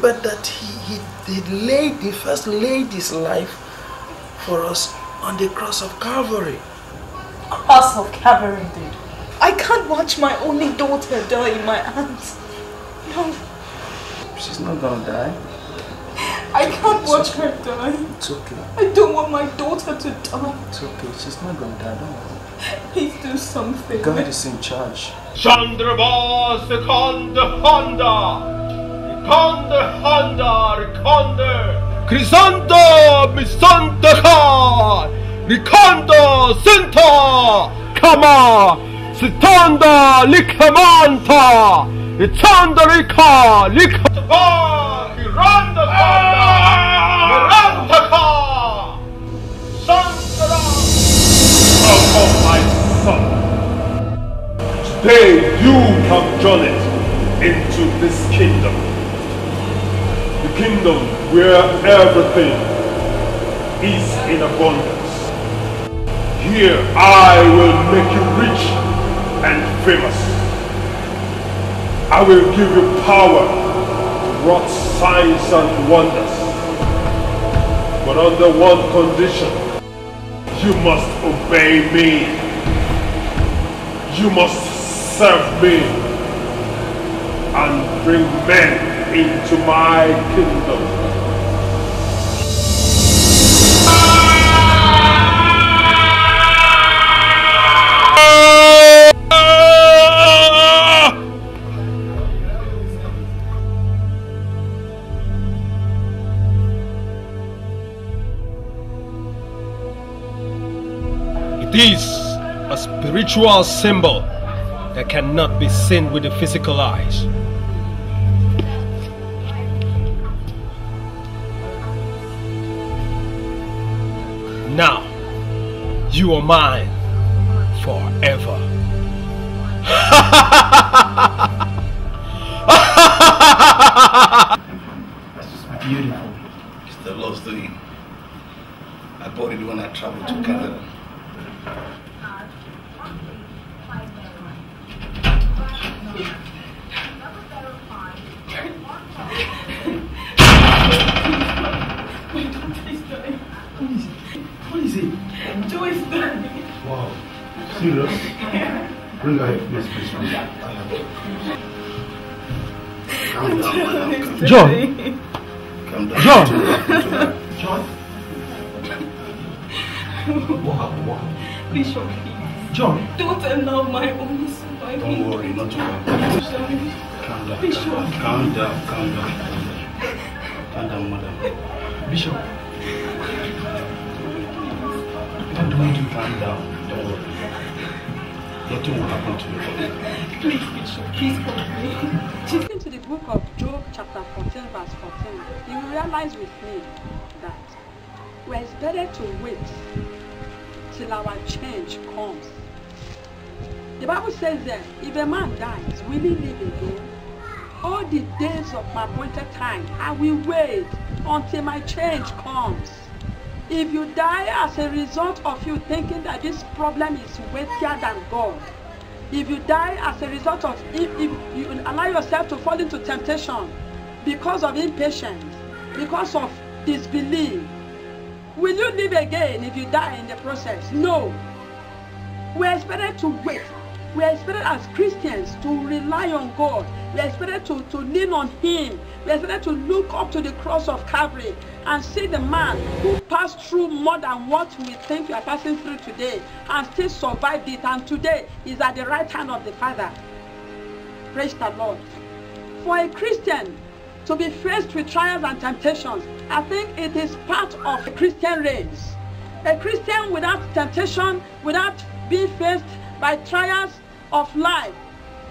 but that He, he, he laid, He first laid His life for us on the cross of Calvary. Cross of Calvary, indeed. I can't watch my only daughter die in my aunt. No. She's not gonna die. I can't it's watch okay. her die. It's okay. I don't want my daughter to die. It's okay. She's not gonna die. Don't worry. Please do something. God is in charge. Chandrabas Konda Honda! Konda Honda! Konda! Crisanto Misantaka Nikanda Senta Kama Sitanda Likamanta Itanda Lika Likataba Hiranda Hirantaka Santara oh, oh my son Today you have drawn into this kingdom The kingdom where everything is in abundance. Here I will make you rich and famous. I will give you power to wrought signs and wonders. But under one condition, you must obey me. You must serve me and bring men into my kingdom. is a spiritual symbol that cannot be seen with the physical eyes. Now, you are mine forever. That's just beautiful. It's the lost doing. I bought it when I traveled to Canada. John, time. I will wait until my change comes. If you die as a result of you thinking that this problem is weightier than God, if you die as a result of if, if you allow yourself to fall into temptation because of impatience, because of disbelief, will you live again if you die in the process? No. We're expected to wait we are expected as Christians to rely on God. We are expected to, to lean on Him. We are expected to look up to the cross of Calvary and see the man who passed through more than what we think we are passing through today and still survived it. And today is at the right hand of the Father. Praise the Lord. For a Christian to be faced with trials and temptations, I think it is part of a Christian race. A Christian without temptation, without being faced by trials of life,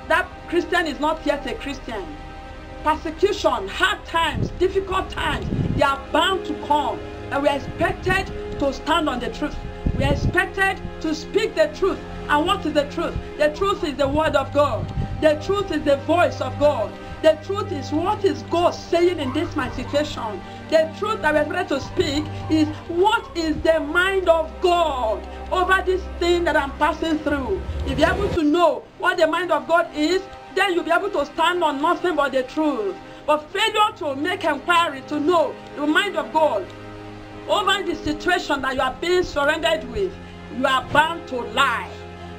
that Christian is not yet a Christian. Persecution, hard times, difficult times, they are bound to come. And we are expected to stand on the truth. We are expected to speak the truth. And what is the truth? The truth is the word of God. The truth is the voice of God. The truth is, what is God saying in this my situation? The truth that we're trying to speak is, what is the mind of God over this thing that I'm passing through? If you're able to know what the mind of God is, then you'll be able to stand on nothing but the truth. But failure to make inquiry to know the mind of God over the situation that you are being surrendered with, you are bound to lie.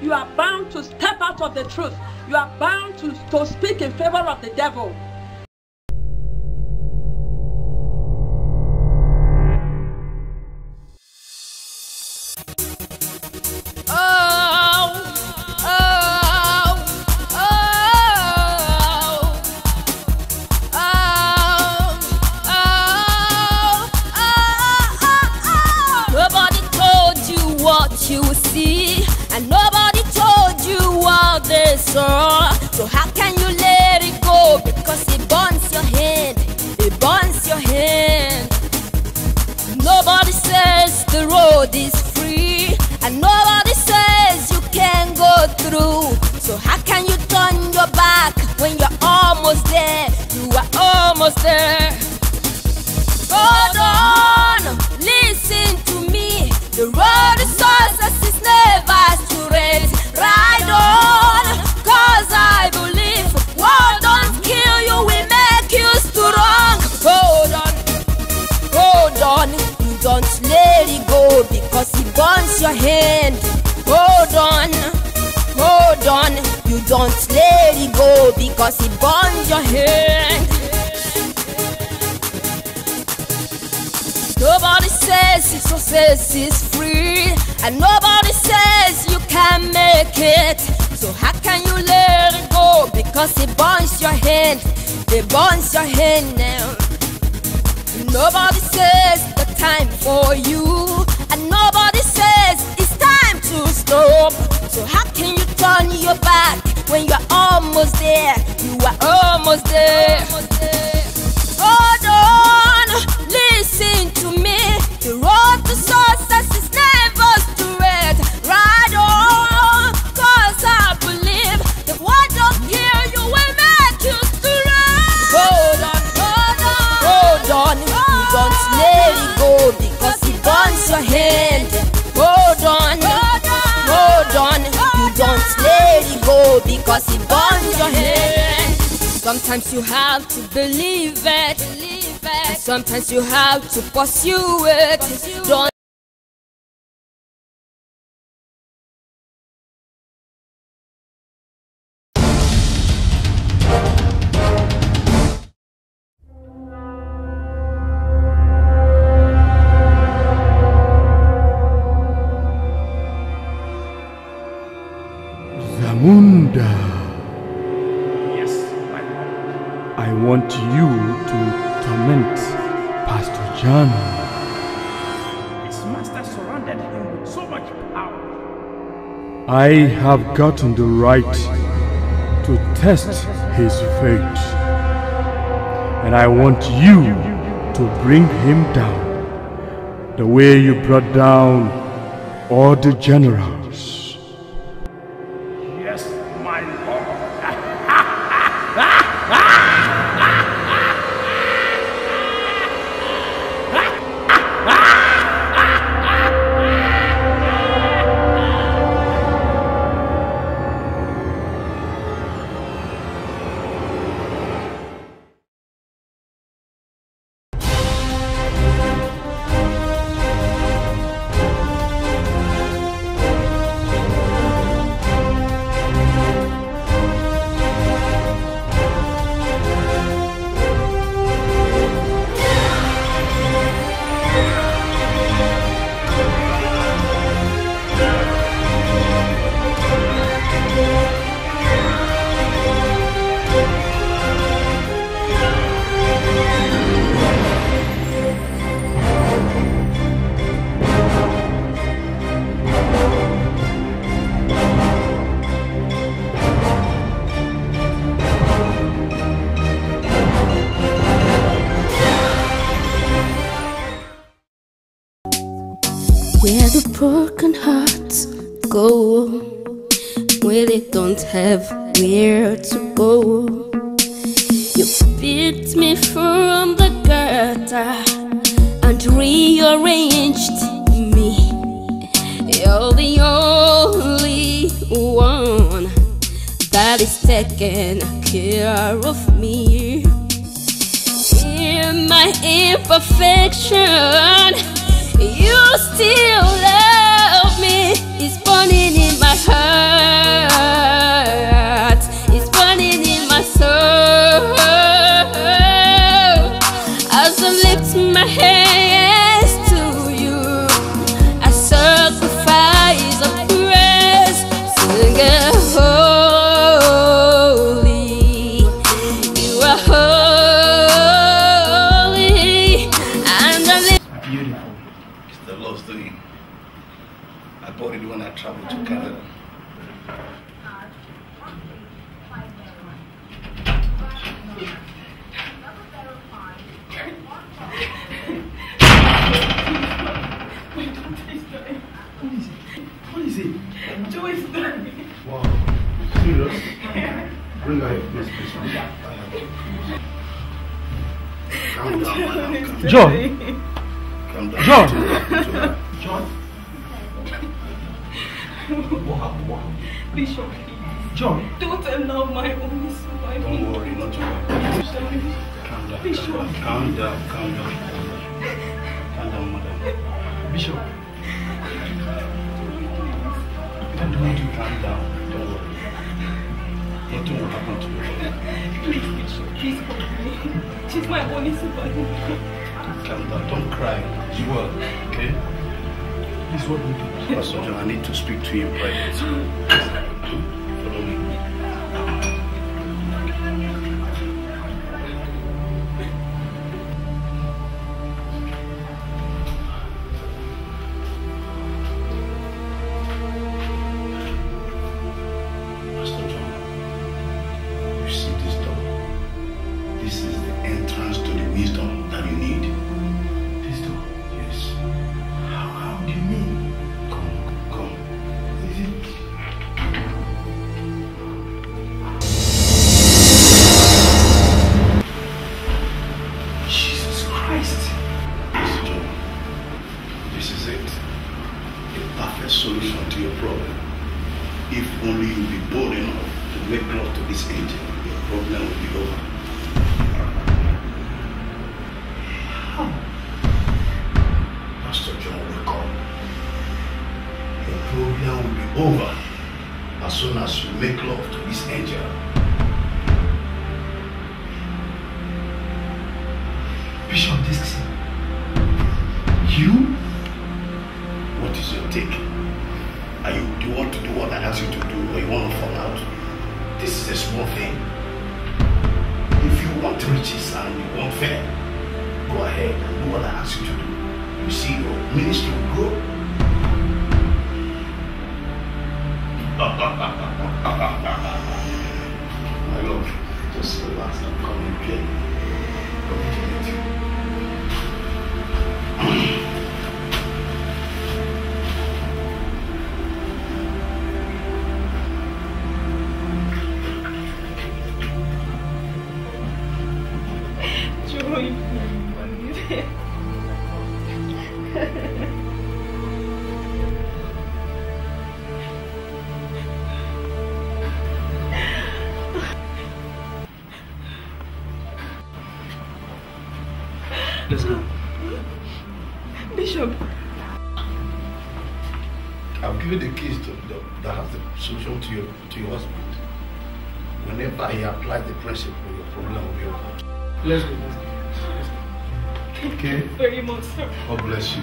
You are bound to step out of the truth you are bound to, to speak in favor of the devil. the road is free and nobody says you can go through. So how can you turn your back when you're almost there? You are almost there. Hold on, listen raise your hand. Hold on, hold on. You don't let it go because it burns your hand. Nobody says success is free, and nobody says you can make it. So how can you let it go? Because it burns your hand, it burns your hand now. Nobody says the time for you and nobody says it's time to stop. So how can you turn your back when you're almost there? You are almost there. Almost there. Cause he your head Sometimes you have to believe it Sometimes you have to pursue it Don't have gotten the right to test his faith. And I want you to bring him down the way you brought down all the generals. I apply the principle your problem will be over. Let's go. Okay. Very much, sir. God bless you.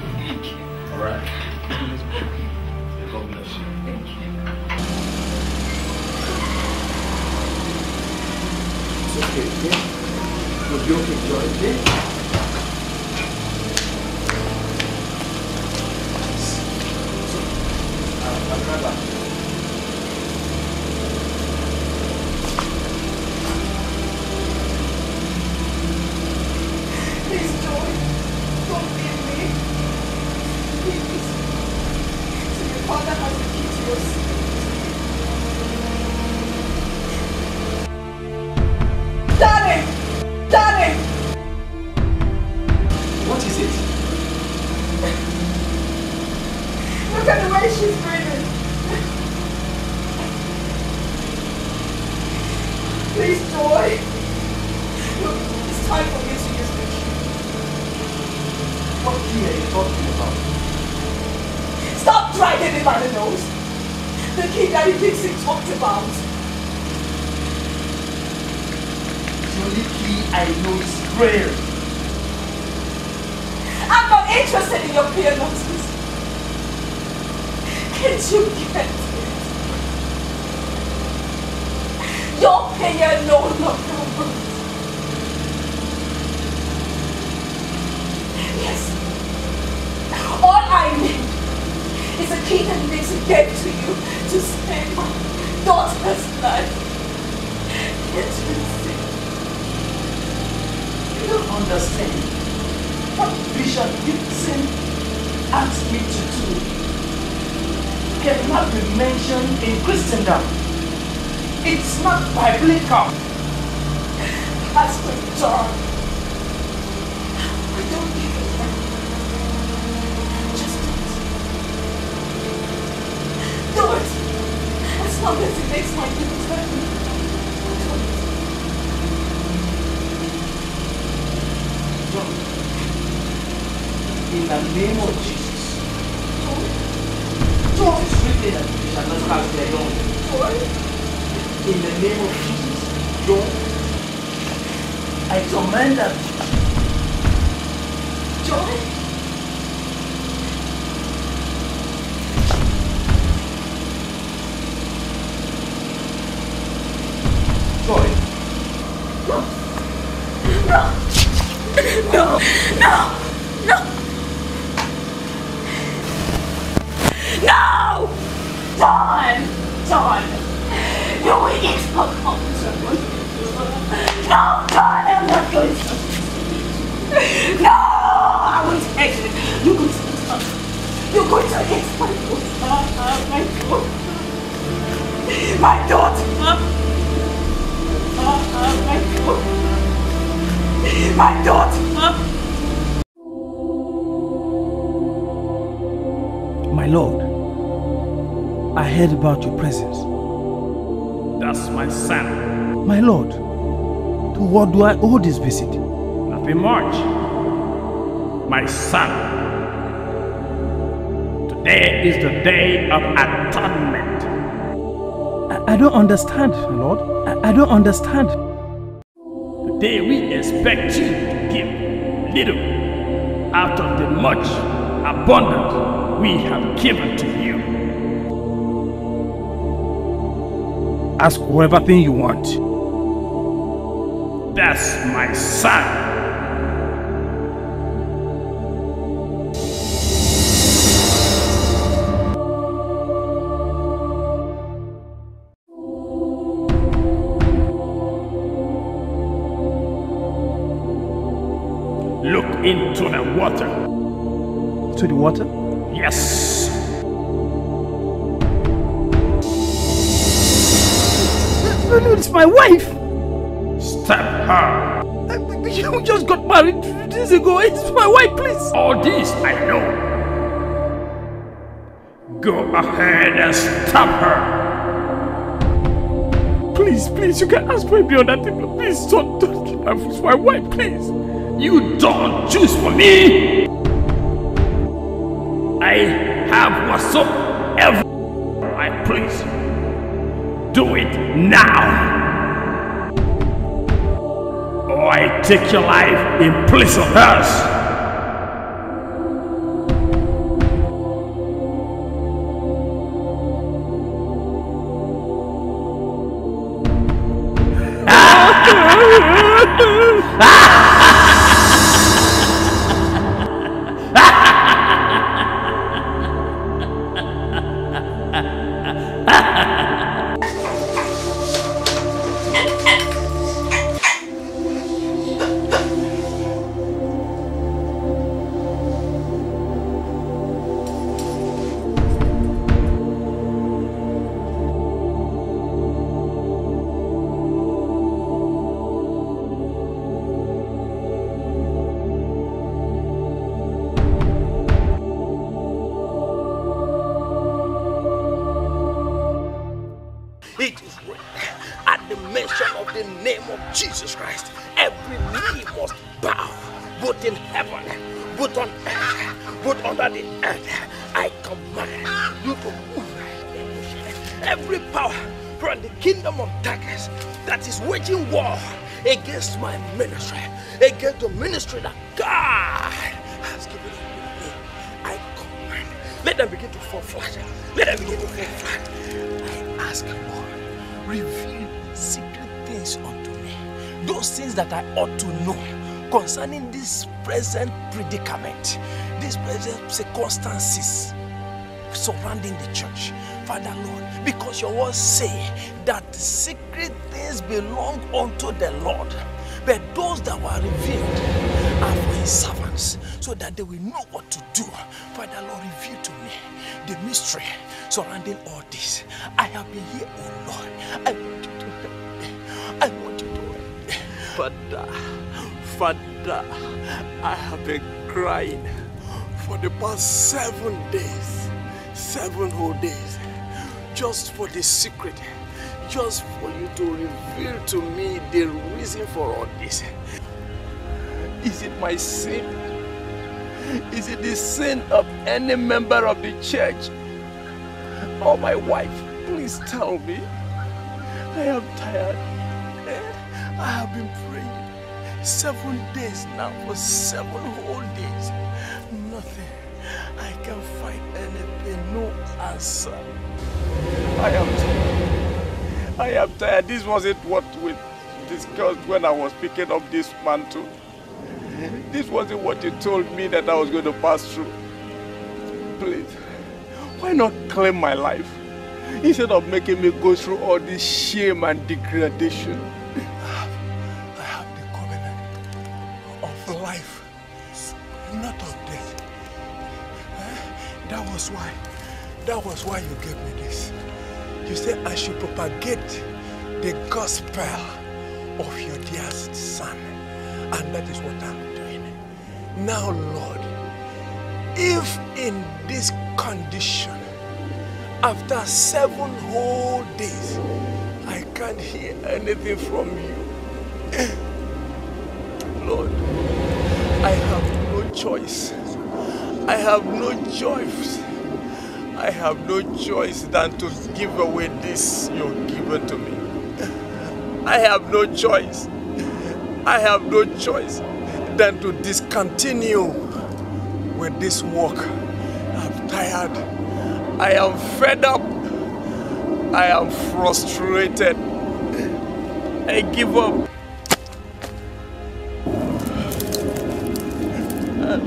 Dixon talked about. The only key I know is prayer. I'm not interested in your prayer nonsense. Can't you get it? Your prayer no longer works. Yes. All I need is a king and makes a gift to you to spend my daughter's life. Can't you see? You don't understand what Bishop Gibson asked me to do cannot be mentioned in Christendom. It's not biblical. Pastor John, I don't In the name of Jesus. Don't strictly that you shall not cast your young. In the name of Jesus, young. I command that. Joy. all this visit? Nothing much. My son, today is the day of atonement. I, I don't understand, Lord. I, I don't understand. Today we expect you to give little out of the much abundant we have given to you. Ask whatever thing you want. That's my son. this I know. Go ahead and stop her. Please, please, you can ask for me on that table. Please don't, touch not my wife, please. You don't choose for me. I have whatsoever I please. Do it now. Or I take your life in place of hers. that I ought to know concerning this present predicament, these present circumstances surrounding the church. Father Lord, because your words say that secret things belong unto the Lord, but those that were revealed are for his servants, so that they will know what to do. Father Lord, reveal to me the mystery surrounding all this. I have been here, oh Lord. I want you to help me. I want Father, Father, I have been crying for the past seven days, seven whole days, just for the secret, just for you to reveal to me the reason for all this. Is it my sin? Is it the sin of any member of the church? Or my wife? Please tell me. I am tired. I have been Seven days now, for seven whole days. Nothing. I can't find anything, no answer. I am tired. I am tired. This wasn't what we discussed when I was picking up this mantle. This wasn't what you told me that I was going to pass through. Please, why not claim my life? Instead of making me go through all this shame and degradation. of life, not of death. Eh? That was why, that was why you gave me this. You said I should propagate the gospel of your dear son. And that is what I'm doing. Now, Lord, if in this condition, after seven whole days, I can't hear anything from you, Lord, I have no choice. I have no choice. I have no choice than to give away this you've given to me. I have no choice. I have no choice than to discontinue with this work. I'm tired. I am fed up. I am frustrated. I give up. Uh,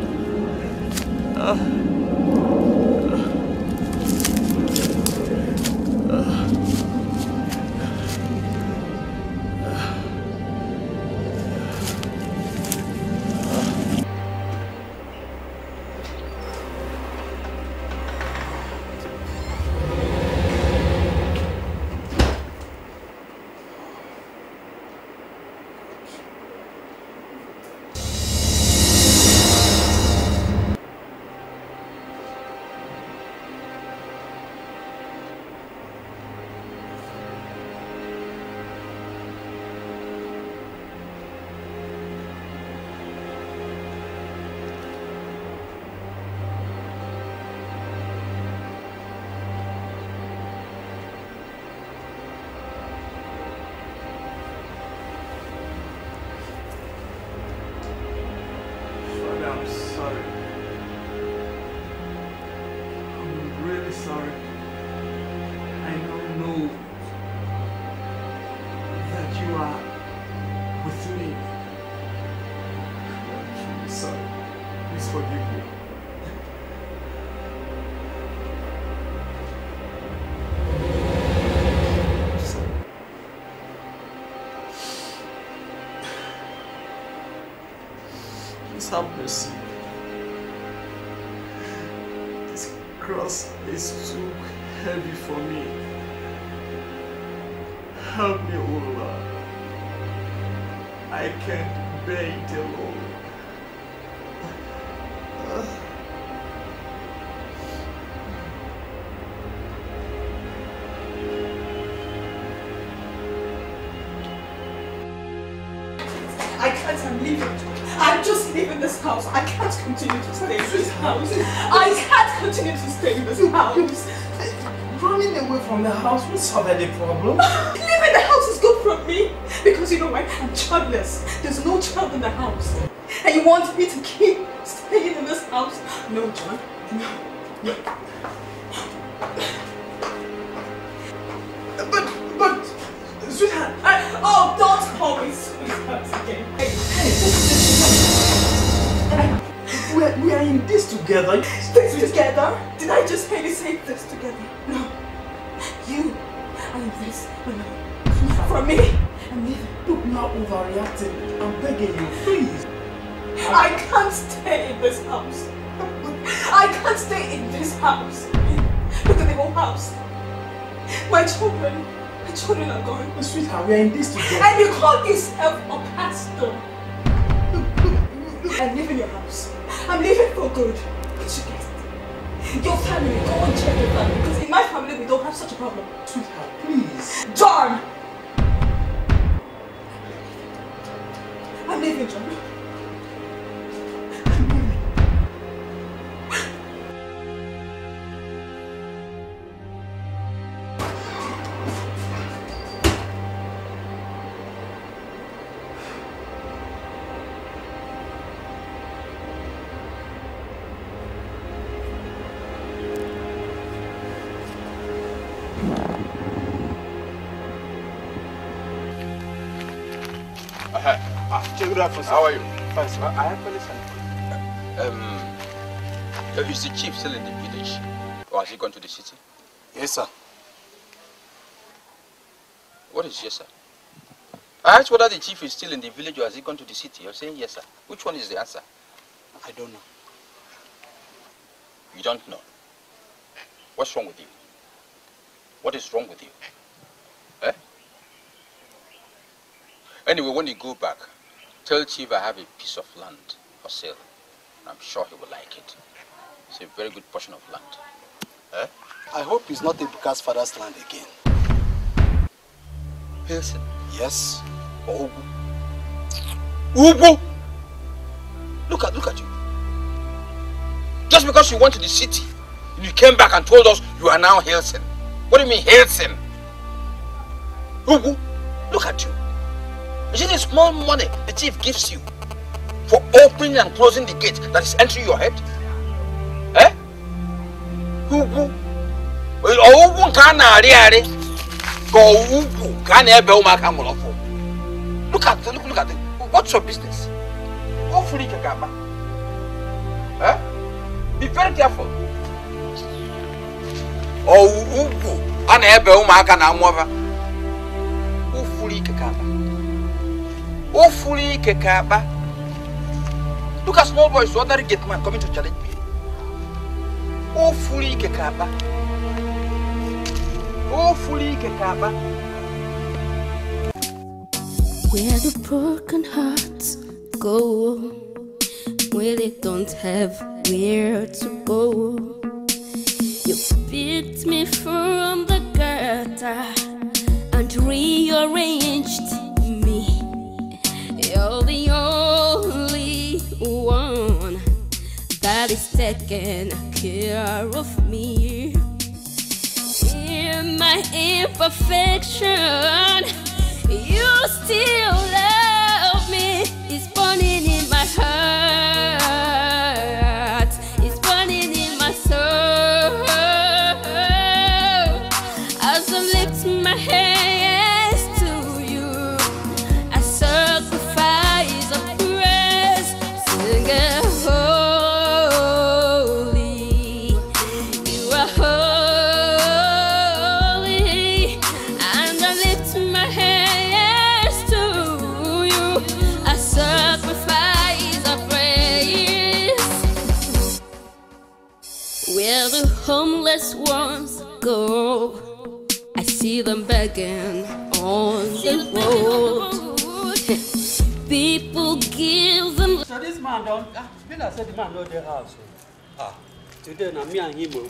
uh. sorry. I'm really sorry. I now know that you are with me. I'm really sorry. Please forgive me. me see. It's too heavy for me. Help me, O Lord. I can't bear it alone. house. I can't continue to stay in this house. I can't continue to stay in this house. Running away from the house will solve any problem. Leaving the house is good for me. Because you know why? I'm childless. There's no child in the house. And you want me to keep staying in this house? No, John. No. No. together. Sticks together? Did I just hear you say this together? No. You and this No. From me and me. do not overreacting. I'm begging you, please. I can't stay in this house. I can't stay in this house. Look at the whole house. My children, my children are gone. But sweetheart, we are in this together. And you call yourself a pastor. I'm leaving your house. I'm leaving for good. Your family, go and check your family. Because in my family, we don't have such a problem. Sweetheart, please. John! I'm leaving, John. Good afternoon, sir. How are you? Fine, sir. I actually sent Um, uh, is the chief still in the village? Or has he gone to the city? Yes, sir. What is yes, sir? I asked whether the chief is still in the village or has he gone to the city. You're saying yes, sir. Which one is the answer? I don't know. You don't know? What's wrong with you? What is wrong with you? Eh? Anyway, when you go back, Tell Chief I have a piece of land for sale. I'm sure he will like it. It's a very good portion of land. Eh? I hope it's not Ibuka's father's land again. Pilsen? Yes. Ubu. Ubu! Look at, look at you. Just because you went to the city, you came back and told us you are now Hilson. What do you mean Hilson? Ubu, look at you. Is it the small money the chief gives you for opening and closing the gate that is entering your head? Eh? Ugu, Ugwu nke a na-arị arị ka ugwu ka a na-ebe ụmụaka nwụrụ Look at it, look at it. What's your business? Go ike ga Eh? Be very careful. Oh Ugu, a na-ebe ụmụaka na-amụọba. Go ike ga Hopefully, Kekaba. Look at small boys, ordinary gate man coming to challenge me. Hopefully, Kekaba. Hopefully, Kekaba. Where the broken hearts go, where they don't have where to go. You picked me from the gutter and rearranged taking care of me. In my imperfection, you still love. again on the road. People give them. So this man don't. Ah, Peter said the man know the house. Ah, today na me and him. Oh.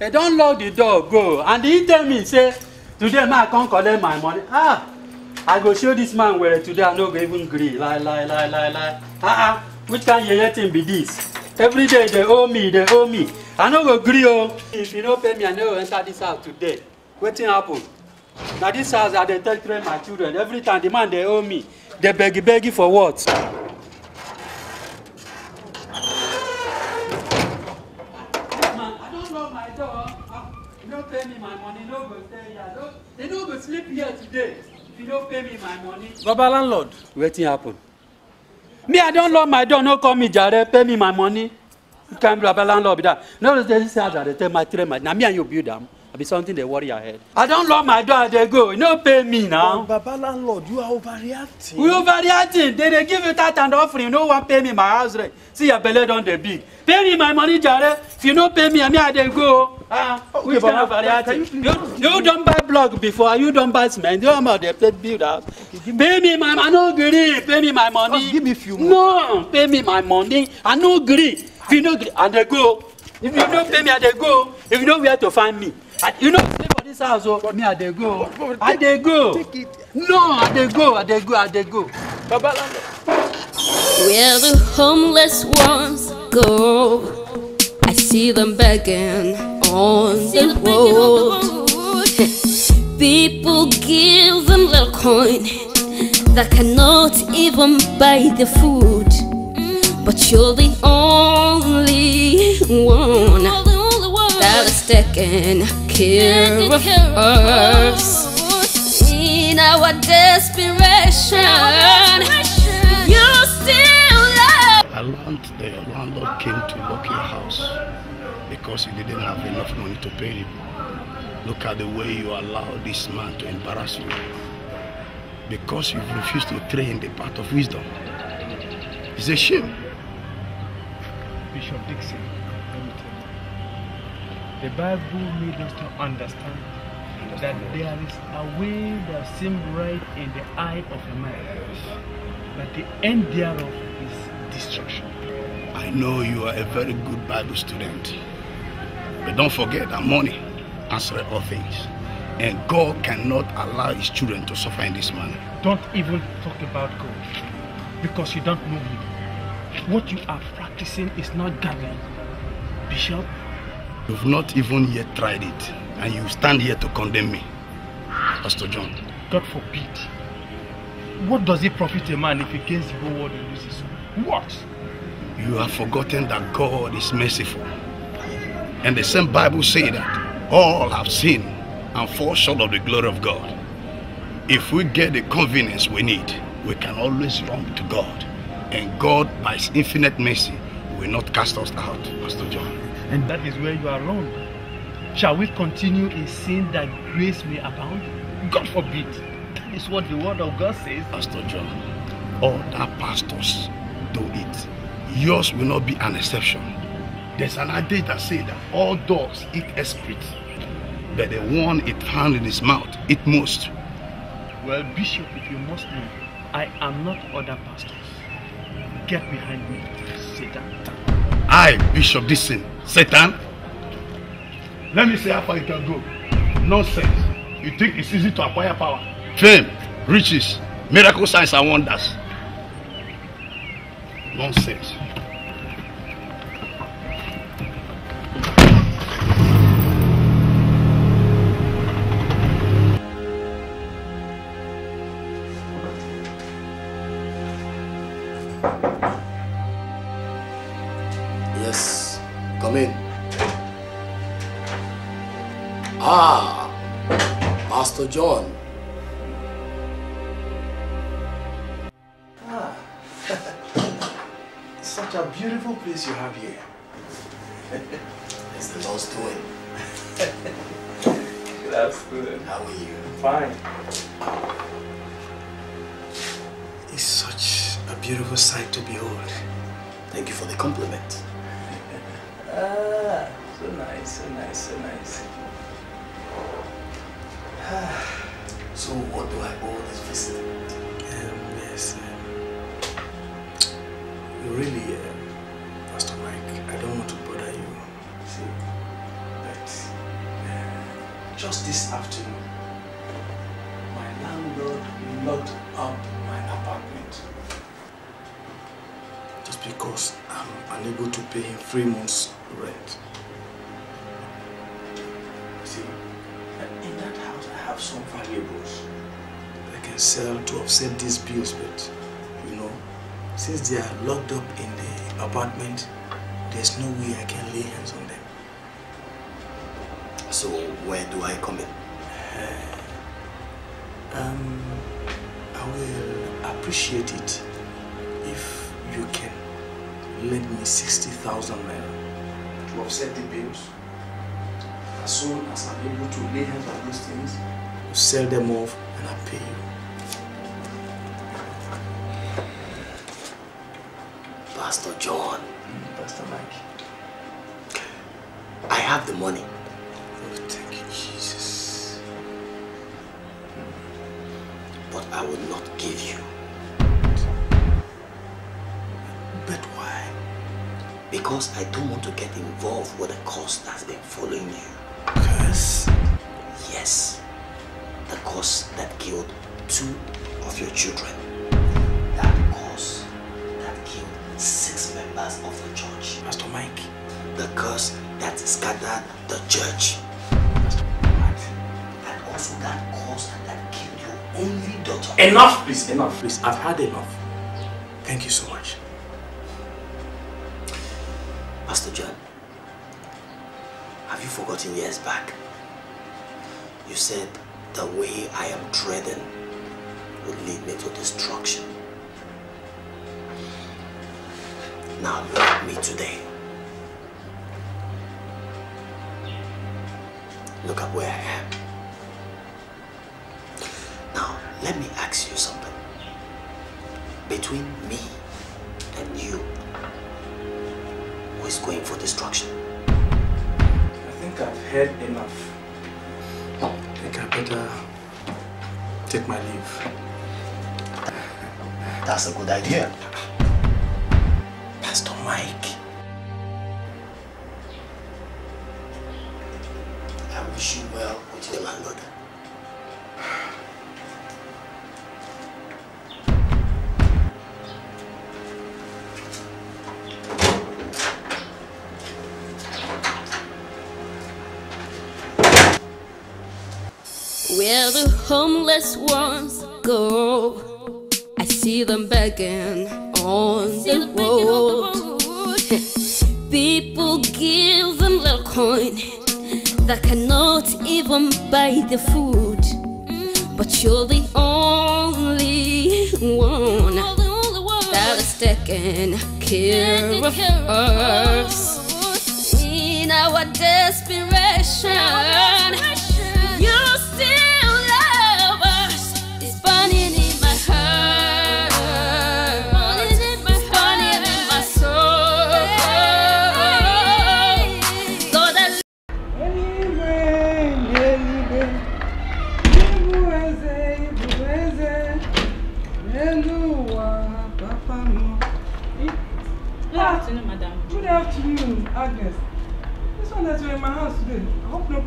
They don't lock the door go and he tell me say today ma can't collect my money. Ah, I go show this man where today I no go even agree. Lie lie lie lie lie. Ah ah, which kind yeye thing be this? Every day they owe me, they owe me. I no go agree, oh. If you no pay me, I no go enter this house today. What thing happen? na this house i dey take train my children every time the man dey owe me dey beg, beg for what. don't my ah, No pay me money, go you. They sleep here today. baba landlord wetin happen me i don't lock my door no call me jare pay me my money you can't be baba landlord be that no dey this house i dey tell my train my na me and you build am be something they worry ahead. I don't lock my door They go, you no pay me now. But Baba landlord, you are overreacting. We overreacting, they they give you that and offering, you no wan pay me my house rent. See your belle don dey big. Pay me my money jare, if you no pay me, I me I they go. Ah, okay, which kind of You, you don buy block before, you don't buy cement, you know how they pay build house. Okay, pay me my, I no gree, pay me my money. Just give me few more. No, pay me my money, I no gree. If you no gree, I they go. If you no pay me, I they go. If you know where to find me. I, you know, sleep for this house, oh. But, me, I dey go. But, but, I dey go. Take it. No, I dey go, I dey go, I dey go. Baba Where the homeless ones go, I see them begging on the road. People give them little coin that cannot even buy the food. Mm. But you're the only one taken care of In our desperation, you still love. Around the landlord came to lock your house because he didn't have enough money to pay him. Look at the way you allow this man to embarrass you. Because you've refused to train the path of wisdom. It's a shame. Bishop Dixon. The Bible made us to understand that there is a way that seems right in the eye of a man, but the end thereof is destruction. I know you are a very good Bible student, but don't forget that money answers all things. And God cannot allow his children to suffer in this manner. Don't even talk about God because you don't know him. What you are practicing is not godly. Bishop, You've not even yet tried it, and you stand here to condemn me. Pastor John. God forbid. What does it profit a man if he gains the whole world and loses What? You have forgotten that God is merciful. And the same Bible says that all have sinned and fall short of the glory of God. If we get the convenience we need, we can always run to God. And God, by his infinite mercy, will not cast us out, Pastor John. And that is where you are wrong. Shall we continue in sin that grace may abound? God forbid. That is what the word of God says. Pastor John, all that pastors do it. Yours will not be an exception. There's an adage that says that all dogs eat excrete, but the one it found in his mouth eat most. Well, Bishop, if you must know, I am not other pastors. Get behind me, Satan. I, Bishop Dixon, Satan, let me see how far you can go. Nonsense. You think it's easy to acquire power? Fame, riches, miracle signs and wonders. Nonsense. John. Ah, such a beautiful place you have here. it's the Lord's doing. That's good. How are you? Fine. It's such a beautiful sight to behold. Thank you for the compliment. ah, so nice, so nice, so nice. so what do I owe this visit? Um, yes. really, um, Pastor Mike, I don't want to bother you. See, but uh, just this afternoon, my landlord locked up my apartment. Just because I'm unable to pay him three months rent. sell to offset these bills, but you know, since they are locked up in the apartment, there's no way I can lay hands on them. So where do I come in? Uh, um, I will appreciate it if you can lend me 60,000 naira to offset the bills. As soon as I'm able to lay hands on those things, sell them off and I pay you. Pastor John. Mm, Pastor Mike. I have the money. Oh, thank you, Jesus. But I will not give you. But why? Because I don't want to get involved with the curse that's been following you. Curse? Yes. The curse that killed two of your children. six members of the church. Pastor Mike. The curse that scattered the church. Pastor Mike. And also that curse that killed your only daughter. Enough, please, enough. Please, I've had enough. Thank you so much. Pastor John, have you forgotten years back? You said the way I am treading would lead me to destruction. Now love me today. Look at where I am. Now, let me ask you something. Between me and you, who is going for destruction? I think I've heard enough. I think I better take my leave. That's a good idea. Pastor Mike. I wish you well with your landlord. Where the homeless ones go, I see them begging on the road. People give them little coin that cannot even buy the food. But you're the only one that is taking care of us. In our desperation.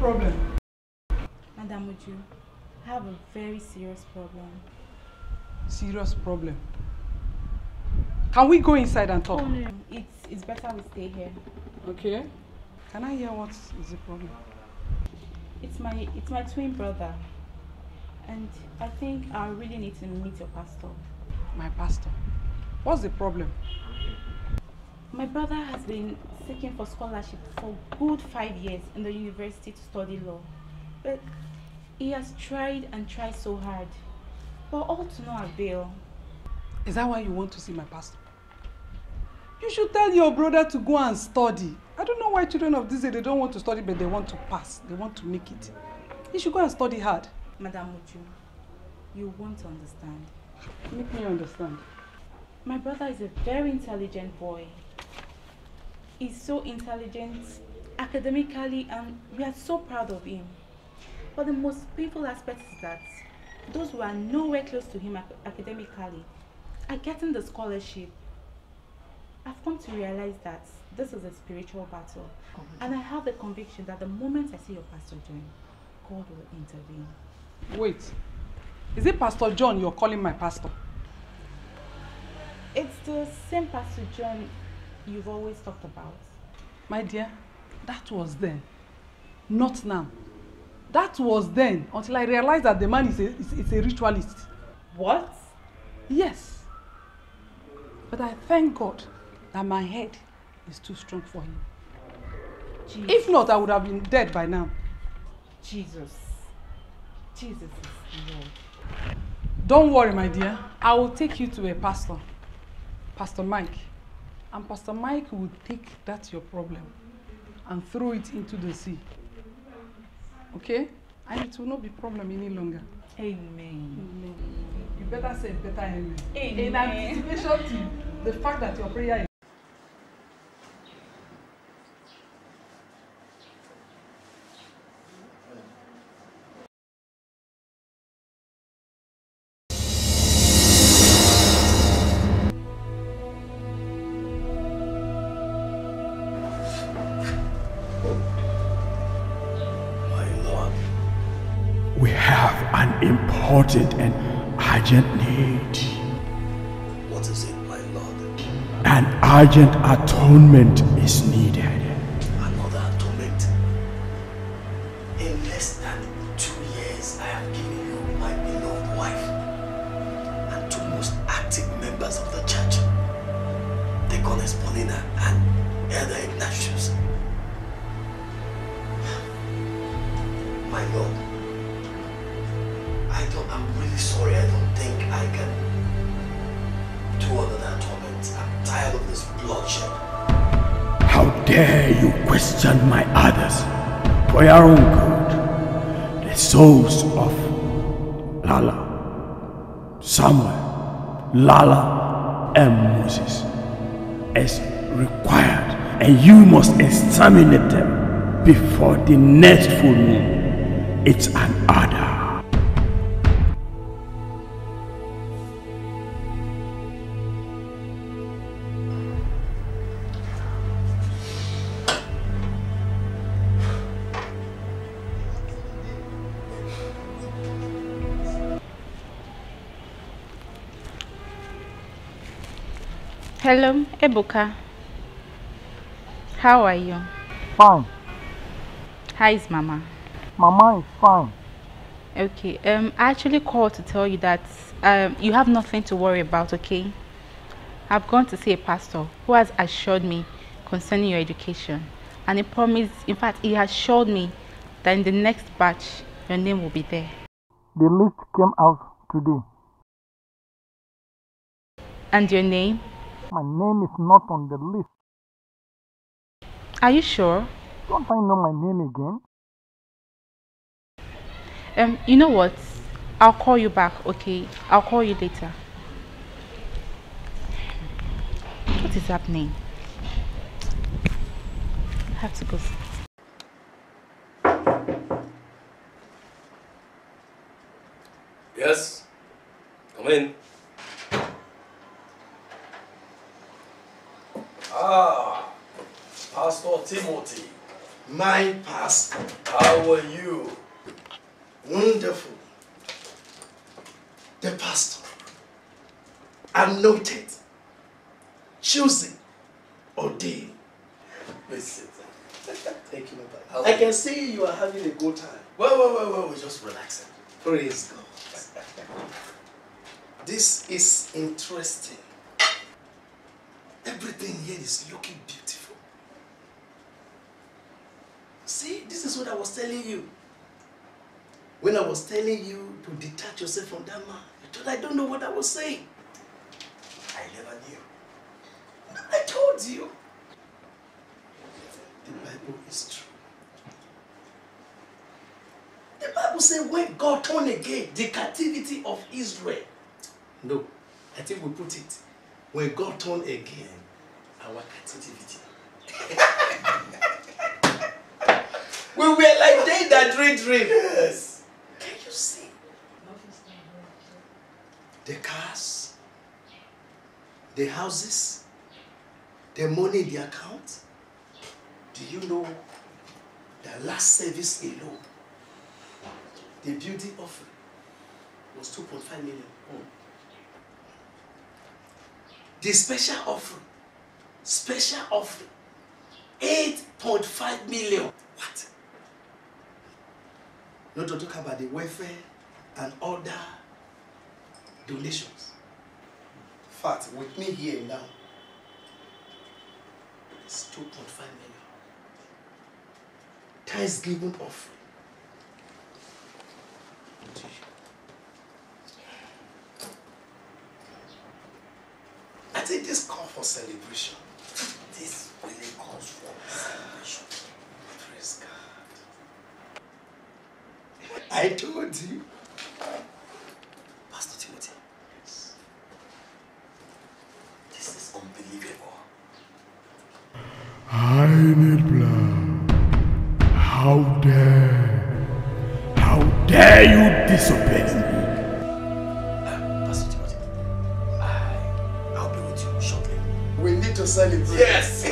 problem? Madam Uju, I have a very serious problem. Serious problem? Can we go inside and talk? Oh, no. it's, it's better we stay here. Okay. Can I hear what is the problem? It's my, it's my twin brother. And I think I really need to meet your pastor. My pastor? What's the problem? My brother has been seeking for scholarship for good five years in the university to study law. But he has tried and tried so hard, but all to no avail. Is that why you want to see my pastor? You should tell your brother to go and study. I don't know why children of this day, they don't want to study, but they want to pass. They want to make it. You should go and study hard. Madam Uchu, you want to understand. Make me understand. My brother is a very intelligent boy is so intelligent academically and we are so proud of him. But the most painful aspect is that those who are nowhere close to him academically are getting the scholarship. I've come to realize that this is a spiritual battle. And I have the conviction that the moment I see your pastor doing, God will intervene. Wait, is it Pastor John you're calling my pastor? It's the same Pastor John you've always talked about. My dear, that was then, not now. That was then, until I realized that the man is a, is, is a ritualist. What? Yes. But I thank God that my head is too strong for him. Jesus. If not, I would have been dead by now. Jesus. Jesus is Lord. Don't worry, my dear. I will take you to a pastor. Pastor Mike. And Pastor Mike will take that your problem and throw it into the sea. Okay? And it will not be problem any longer. Amen. amen. You better say better amen. amen. In anticipation to the fact that your prayer is immediate and urgent need. What is it, my Lord? An urgent atonement is needed. Samuel, Lala, and Moses as required, and you must exterminate them before the next full moon. It's an order. Hello, Ebuka. How are you? Fine. How is Mama? Mama is fine. Okay, um, I actually called to tell you that um, you have nothing to worry about, okay? I've gone to see a pastor who has assured me concerning your education. And he promised, in fact, he assured me that in the next batch, your name will be there. The list came out today. And your name? My name is not on the list. Are you sure? Don't I know my name again? Um, you know what? I'll call you back, okay? I'll call you later. What is happening? I have to go. Yes? Come in. Ah, Pastor Timothy. My pastor. How are you? Wonderful. The pastor anointed, chosen, ordained. Listen. Thank you, Papa. I can see you are having a good time. Well, well, well, well, we're just relaxing. Praise God. this is interesting. Everything here is looking beautiful. See, this is what I was telling you. When I was telling you to detach yourself from that man, you told I don't know what I was saying. I never knew. I told you. The Bible is true. The Bible says when God turned again the captivity of Israel. No, I think we put it. when God turned again our captivity. we were like they that dream dream. Yes. Can you see? The cars, the houses, the money in the account. Do you know the last service alone, the beauty offering was 2.5 million? the special offering special offering eight point five million what no to talk about the welfare and other donations. fact with me here now it's two point five million thanksgiving offering. I think this calls for celebration. This really calls for celebration. Praise God. I told you. Pastor Timothy. Yes. This is unbelievable. blood. How dare. How dare you disobey. написали yes!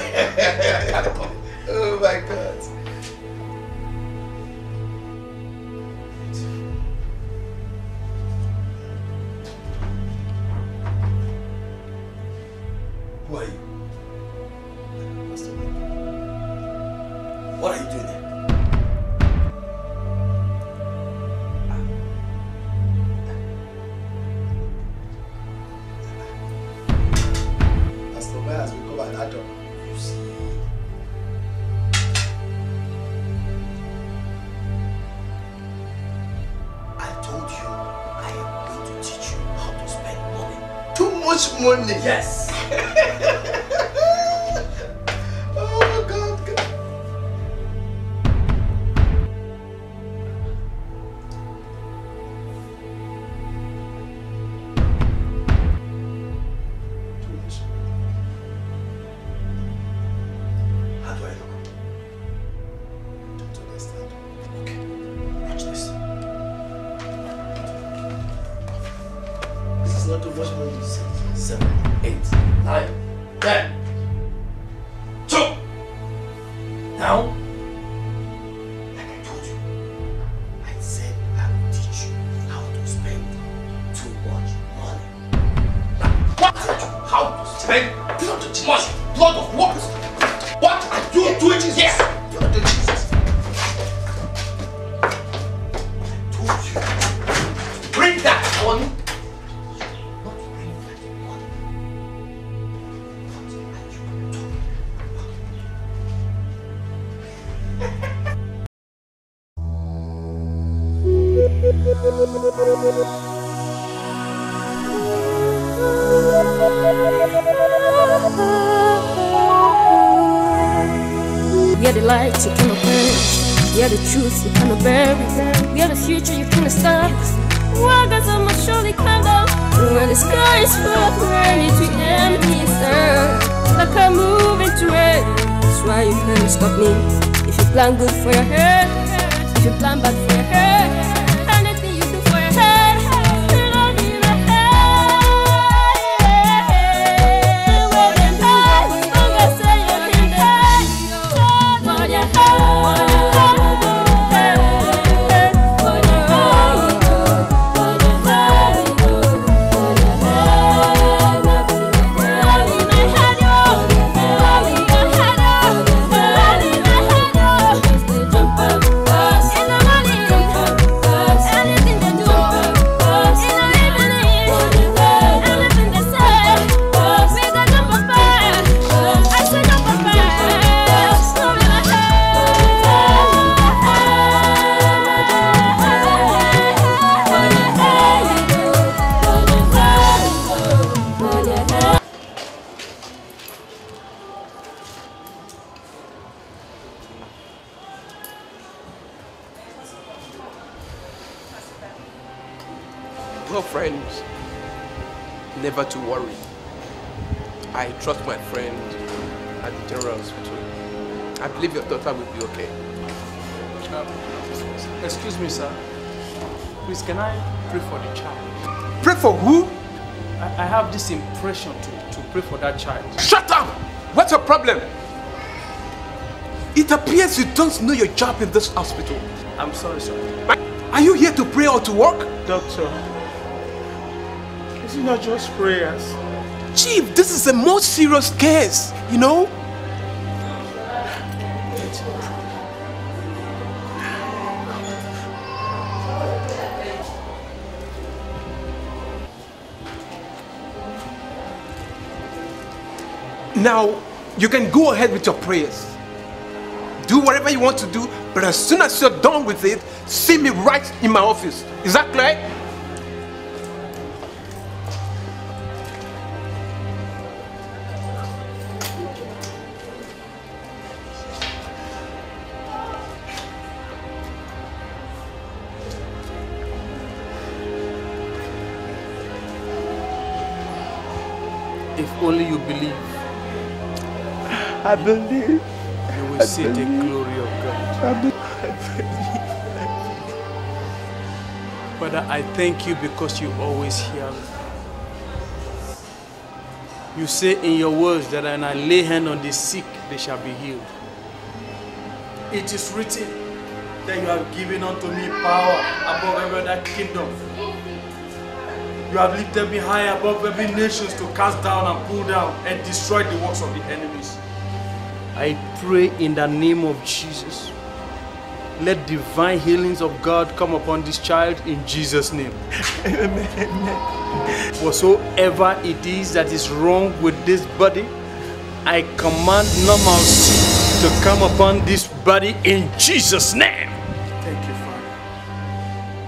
that child. Shut up! What's your problem? It appears you don't know your job in this hospital. I'm sorry, sir. are you here to pray or to work? Doctor, is it not just prayers? Chief, this is a most serious case, you know? Now, you can go ahead with your prayers. Do whatever you want to do, but as soon as you're done with it, see me right in my office. Is that clear? I believe. You will I see believe. the glory of God. I, be I believe. Father, I thank you because you always hear me. You say in your words that when I lay hand on the sick, they shall be healed. It is written that you have given unto me power above every other kingdom. You have lifted me high above every nation to cast down and pull down and destroy the works of the enemy pray in the name of Jesus. Let divine healings of God come upon this child in Jesus' name. Amen. Whatsoever it is that is wrong with this body, I command normalcy to come upon this body in Jesus' name. Thank you, Father.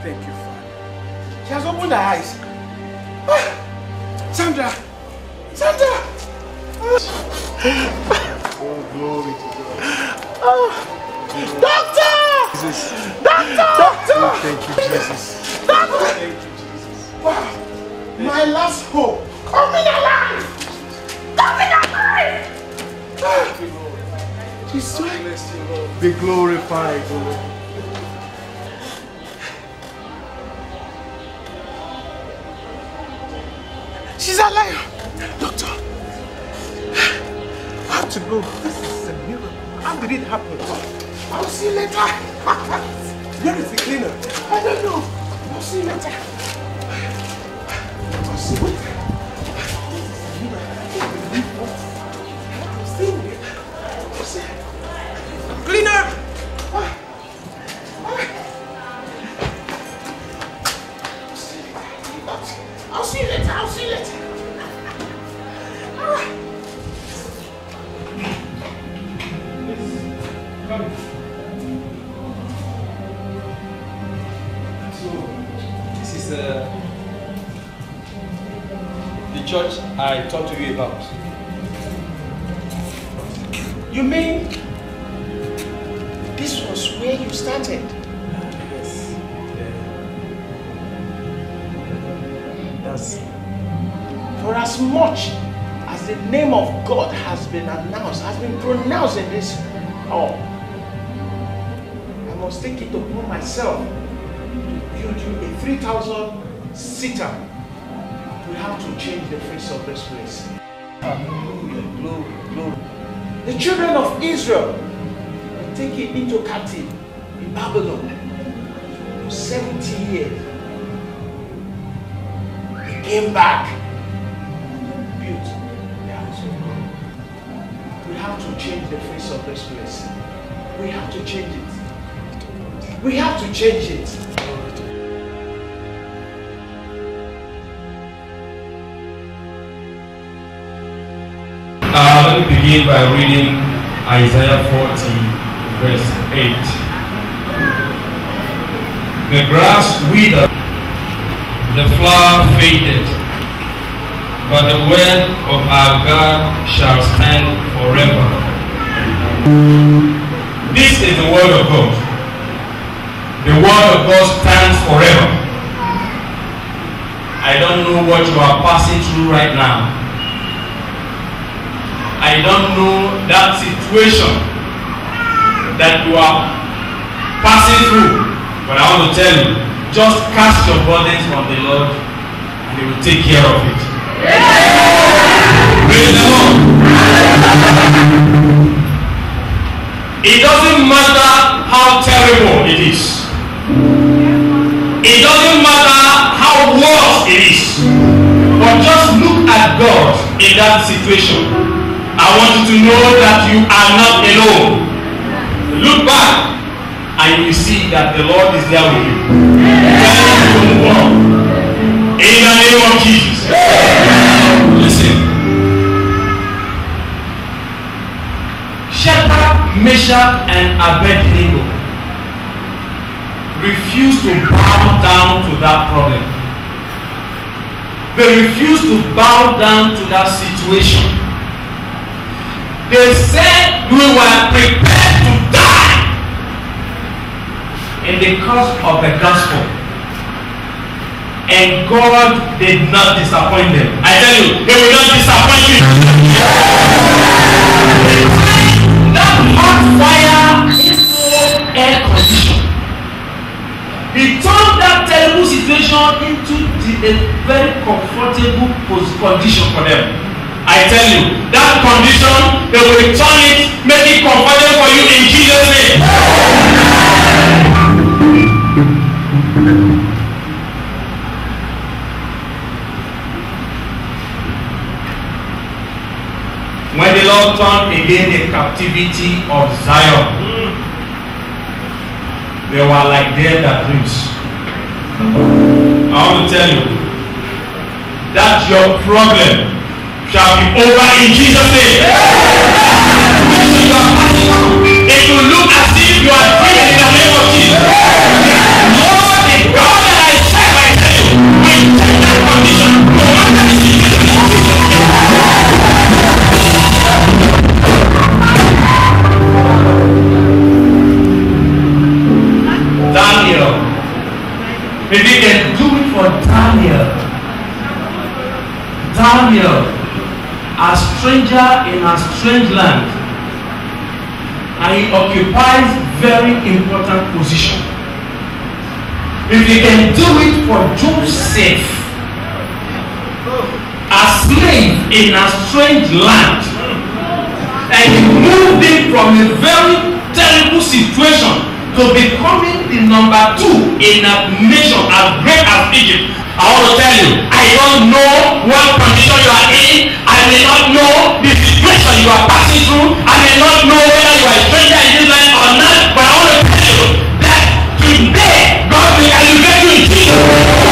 Thank you, Father. She has opened her eyes. Ah! Sandra! Sandra! Ah! Doctor! Jesus. Doctor! Doctor! Oh, thank you, Jesus. Doctor! Thank you, Jesus. Wow. My last hope. Coming alive! Coming alive! Thank you, Lord. Jesus. Bless Be glorified, Lord. She's alive! Doctor! have to go. This is a miracle. How did it happen? I'll see you later. Where is the cleaner? I don't know. I'll see you later. I'll see you later. Cleaner! I talked to you about. You mean this was where you started? Yes. Yeah. For as much as the name of God has been announced, has been pronounced in this hall, I must take it upon myself to build you a 3,000 sitter. We have to change the face of this place. Hallelujah, glory, glory. The children of Israel were taken into captivity in Babylon for 70 years. They came back and built the house of God. We have to change the face of this place. We have to change it. We have to change it. begin by reading Isaiah 40, verse 8. The grass withered, the flower faded, but the word of our God shall stand forever. This is the word of God. The word of God stands forever. I don't know what you are passing through right now. I don't know that situation that you are passing through, but I want to tell you, just cast your burdens on the Lord, and He will take care of it. Praise the Lord. It doesn't matter how terrible it is. It doesn't matter how worse it is. But just look at God in that situation. I want you to know that you are not alone. Look back and you see that the Lord is there with you. In the name of Jesus. Listen. Shadrach, Meshach, and Abednego refused to bow down to that problem. They refused to bow down to that situation. they said we were prepared to die in the cause of the gospel. And God did not disappoint them. I tell you, He will not disappoint you. That hot fire into air condition. He turned that terrible situation into the, a very comfortable condition for them. I tell you, that condition, they will return it, make it comfortable for you in Jesus' name. When the Lord turned again the captivity of Zion, they were like them that dreams. I want to tell you, that's your problem. shall be over in Jesus' name. It will look as if you are in the name of Jesus. God I tell you, condition. Daniel. Maybe you can do it for Daniel. Daniel. a stranger in a strange land and he occupies very important position if he can do it for Joseph as slave in a strange land and he moved him from a very terrible situation to becoming the number two in a nation as great as Egypt. I want to tell you, I don't know what condition you are in. I may not know the situation you are passing through. I may not know whether you are a stranger in this land or not. But I want to tell you that today God will elevate you in Jesus.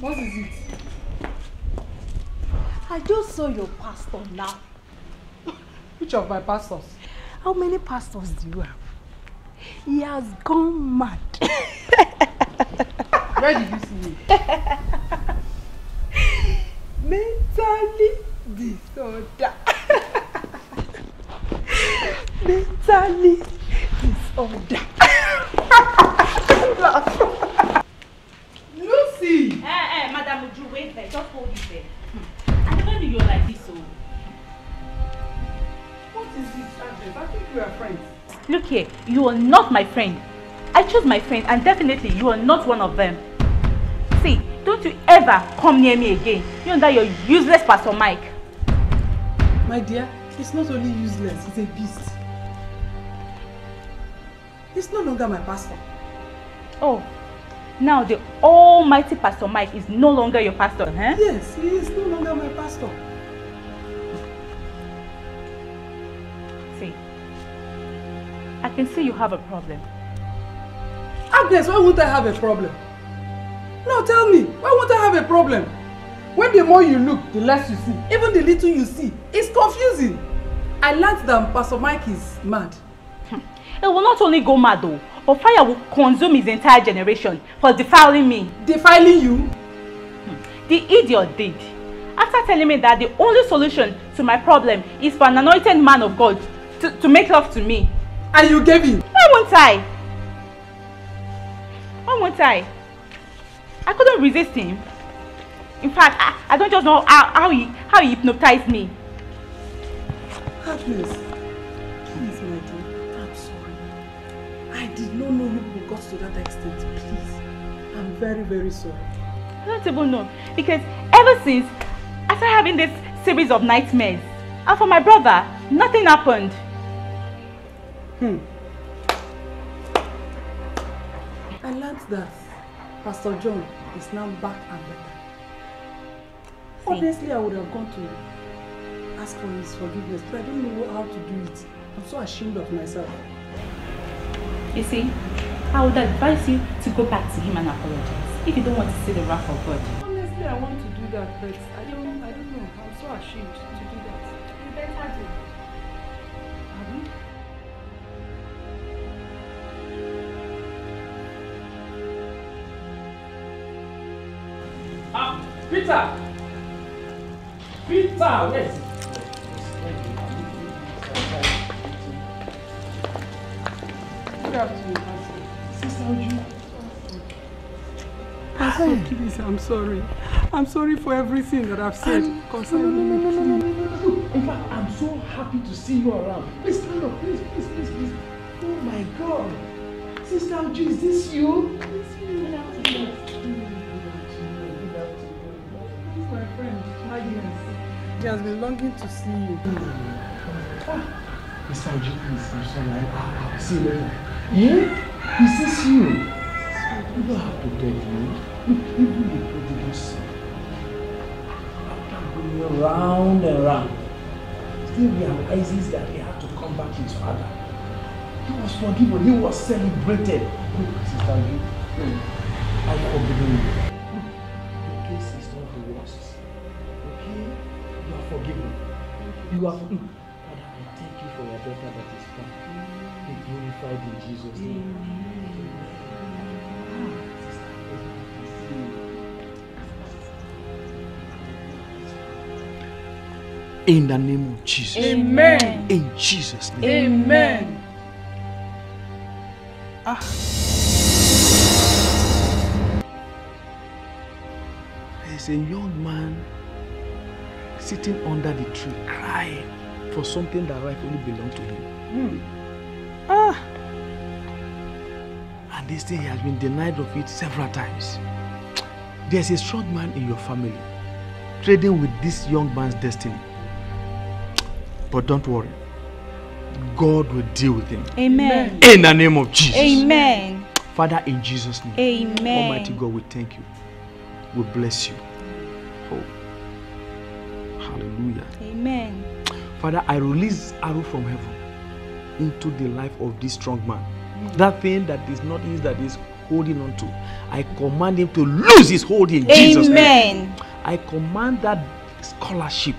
What is it? I just saw your pastor now. Which of my pastors? How many pastors do you have? He has gone mad. Where did you see me? Mentally disorder. Mentally disorder. Lucy! Eh, eh, madam, would you wait there? Just hold it there. Hmm. I never knew you were like this, so. Oh. What is this, Agnes? I think we are friends. Look here, you are not my friend. I choose my friend and definitely you are not one of them. See, don't you ever come near me again. You and that your useless Pastor Mike. My dear, it's not only useless, it's a beast. It's no longer my pastor. Oh, Now the almighty Pastor Mike is no longer your pastor, huh? Eh? Yes, he is no longer my pastor. See, I can see you have a problem. Agnes, why won't I have a problem? Now tell me, why won't I have a problem? When the more you look, the less you see. Even the little you see, it's confusing. I learned that Pastor Mike is mad. He hmm. will not only go mad though or fire will consume his entire generation for defiling me. Defiling you? Hmm. The idiot did. After telling me that the only solution to my problem is for an anointed man of God to, to make love to me. And you gave him? Why won't I? Why won't I? I couldn't resist him. In fact, I, I don't just know how, how, he, how he hypnotized me. Happiness. even know you got to that extent. Please, I'm very, very sorry. don't even know. Because ever since, after having this series of nightmares, and for my brother, nothing happened. Hmm. I learned that Pastor John is now back and better. Thank Obviously, I would have gone to ask for his forgiveness, but I don't know how to do it. I'm so ashamed of myself. You see, I would advise you to go back to him and apologize if you don't want to see the wrath of God. Honestly, I want to do that, but I don't, I don't know. I'm so ashamed to do that. You better do. Pardon? Ah, Peter! Peter, wait. Please, I'm sorry. I'm sorry for everything that I've said. Because no, no, no, no, no, no, no, no. In fact, I'm so happy to see you around. Please stand up. Please, please, please, please. Oh my God. Sister Uju, is this you? It's me. Good afternoon. Good afternoon. my friend, Agnes. She has been longing to see you. Ah, Mr. Uju, please, I'm sorry. I'll see you later. Yeah? Is this you? You have protected me with evil you After going round and round, Steve realizes that he had to come back to his father. He was forgiven, he was celebrated. Look, Sister Lee, I've forgiven you. The case is not the worst. Okay? You are forgiven. You are forgiven. Father, I thank you for your daughter that is come. Be glorified in Jesus' name. Amen. In the name of Jesus. Amen. In Jesus' name. Amen. Ah. There's a young man sitting under the tree crying for something that rightfully belonged to him. Mm. Ah. And this thing he has been denied of it several times. There's a strong man in your family trading with this young man's destiny. But don't worry. God will deal with him. Amen. In the name of Jesus. Amen. Father, in Jesus' name. Amen. Almighty God, we thank you. We bless you. Oh. Hallelujah. Amen. Father, I release arrow from heaven into the life of this strong man. Mm. That thing that is not his that is holding on to. I command him to lose his hold in Amen. Jesus' name. I command that scholarship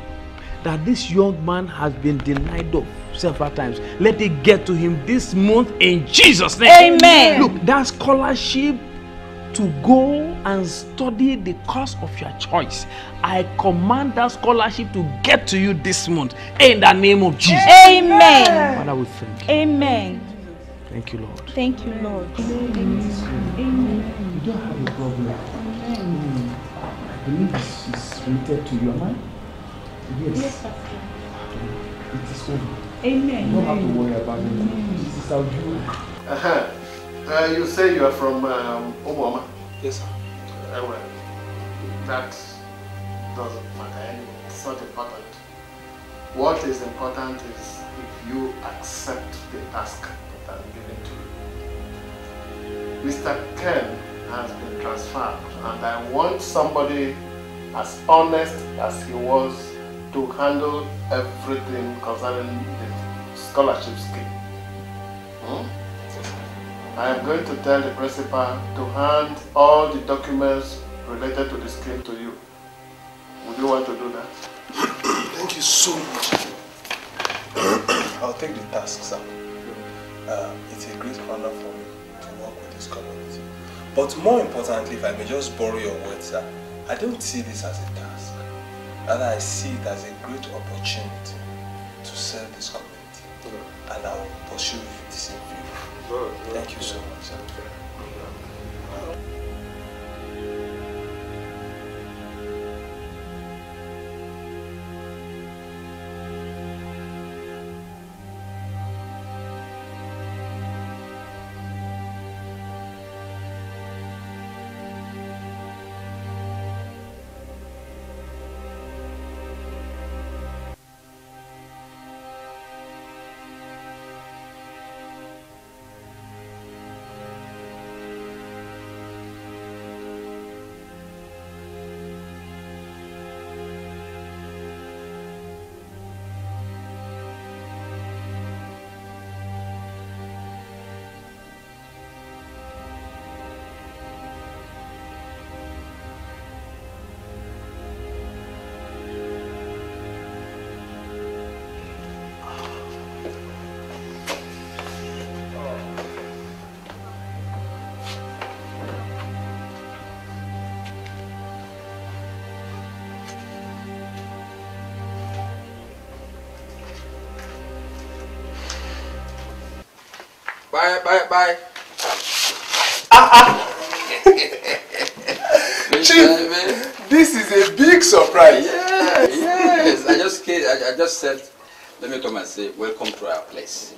that this young man has been denied of several times. Let it get to him this month in Jesus' name. Amen. Look, that scholarship to go and study the course of your choice. I command that scholarship to get to you this month in the name of Jesus. Amen. Father, we thank you. Amen. Thank you, Lord. Thank you, Lord. Amen. You don't have a problem. I believe this is related to your mind. Yes. Yes, Pastor. It is over. Amen. You don't have to worry about me. it. This is our view. Uh-huh. Uh, you say you are from um, Obama? Yes, sir. Uh, well, that doesn't matter anymore. It's not important. What is important is if you accept the task that I'm giving to you. Mr. Ken has been transferred and I want somebody as honest as he was to handle everything concerning the scholarship scheme. Hmm? I am going to tell the principal to hand all the documents related to the scheme to you. Would you want to do that? Thank you so much. I'll take the task, sir. Uh, it's a great honor for me to work with this community. But more importantly, if I may just borrow your words, sir, I don't see this as a task. That I see it as a great opportunity to serve this community. Mm. And I will pursue the same view. Thank you so much. Mm. bye bye bye. Ah, ah. Chief, this is a big surprise. Yes, yes. I just came, I, I just said, let me come and say, welcome to our place.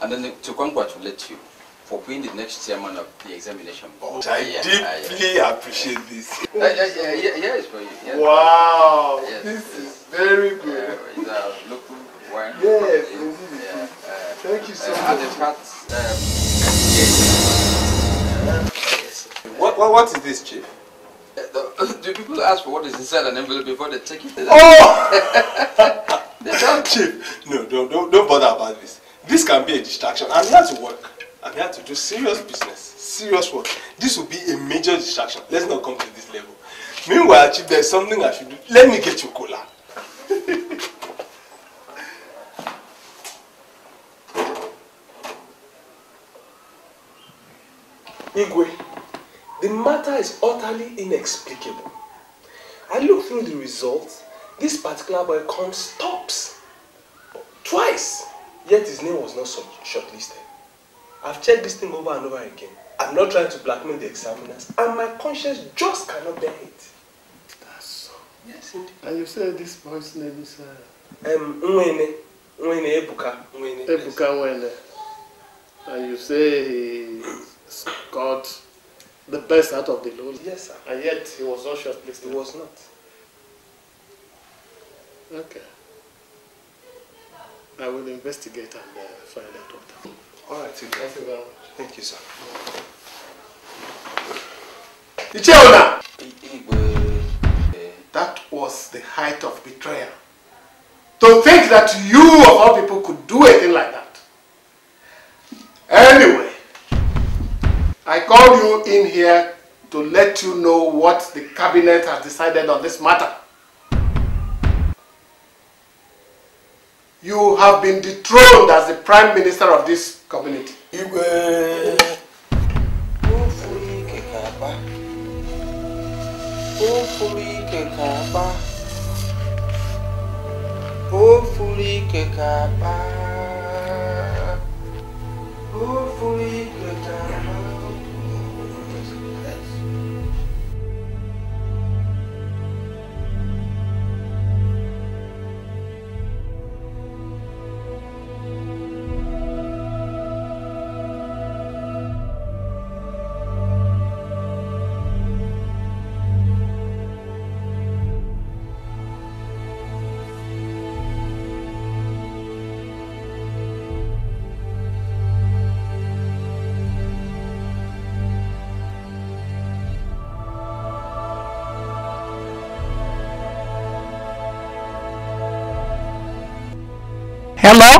And then to congratulate you for being the next chairman of the examination board. I yeah, deeply yeah. appreciate yeah. this. Uh, yeah, yeah, yeah, yes, for you. Yes, wow, yes, this is very good. Yeah, it's a local wine. Yes, Thank you so uh, much. um, what, what, what is this, Chief? Uh, do people ask for what is inside an envelope before they take it? Oh! Chief, no, don't, don't, don't bother about this. This can be a distraction. I'm here to work. I'm here to do serious business, serious work. This will be a major distraction. Let's not come to this level. Meanwhile, Chief, there's something I should do. Let me get you cola. Igwe, the matter is utterly inexplicable. I look through the results. This particular boy comes tops twice, yet his name was not shortlisted. I've checked this thing over and over again. I'm not trying to blackmail the examiners, and my conscience just cannot bear it. That's so. Yes, indeed. And you said this boy's name is. Uh... Um, Nwene. Nwene Ebuka. Nwene. Ebuka yes. Nwene. And you say he's got the best out of the Lord. Yes, sir. And yet he was not shortlisted. He was not. Okay. I will investigate and uh, find out what happened. All right, thank you. very much. Thank you, sir. Icheona! Uh, that was the height of betrayal. To think that you, of all people, could do anything like that. Anyway, I called you in here to let you know what the cabinet has decided on this matter. You have been dethroned as the prime minister of this community. Hello?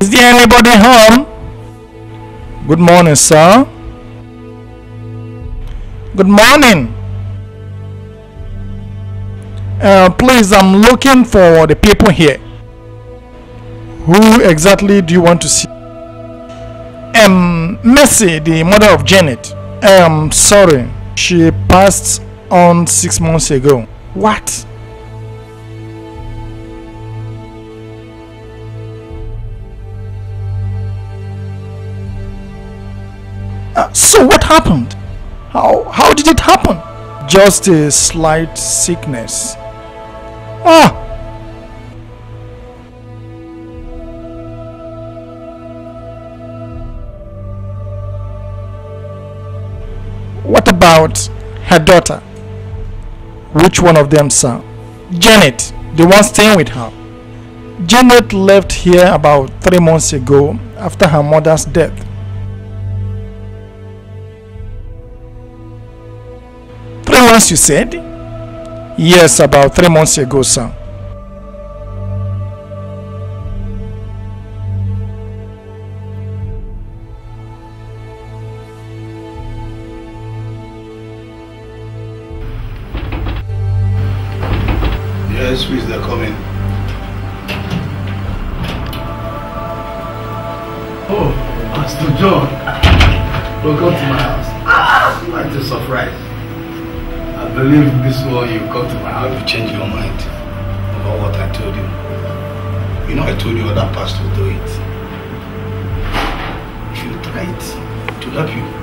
Is there anybody home? Good morning, sir. Good morning. Uh, please, I'm looking for the people here. Who exactly do you want to see? um, Mercy, the mother of Janet, um, sorry, she passed on six months ago. What? Uh, so what happened? How, how did it happen? Just a slight sickness. Ah, What about her daughter? Which one of them, sir? Janet, the one staying with her. Janet left here about three months ago after her mother's death. Three months, you said? Yes, about three months ago, sir. leave this world, you come to my house, you change your mind about what I told you. You know, I told you other pastors do it. If you try it, to help you.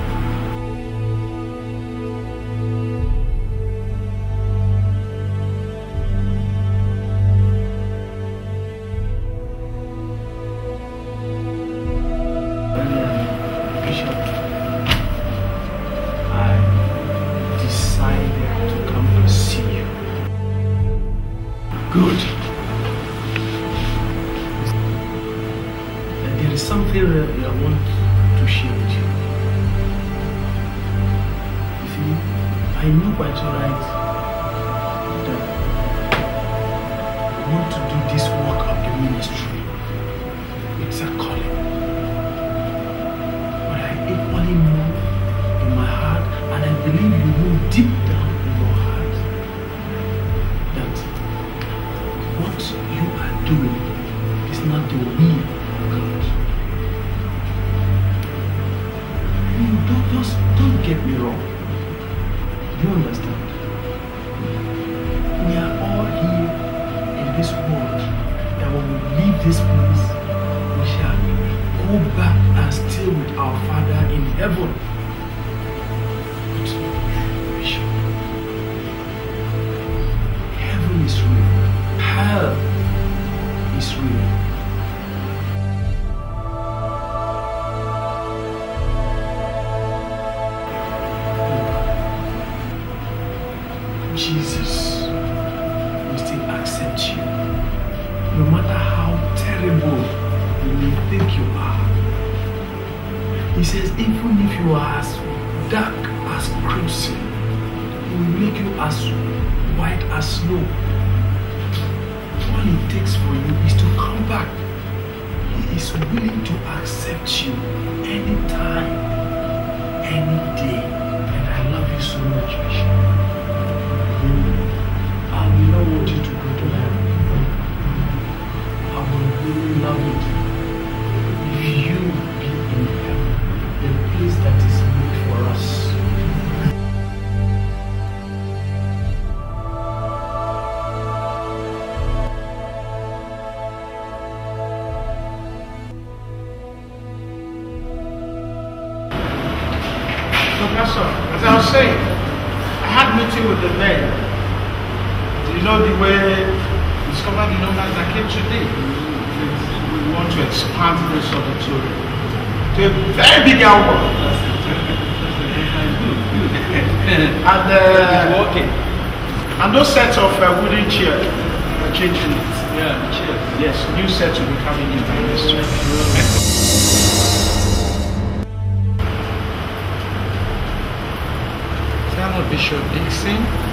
showcasing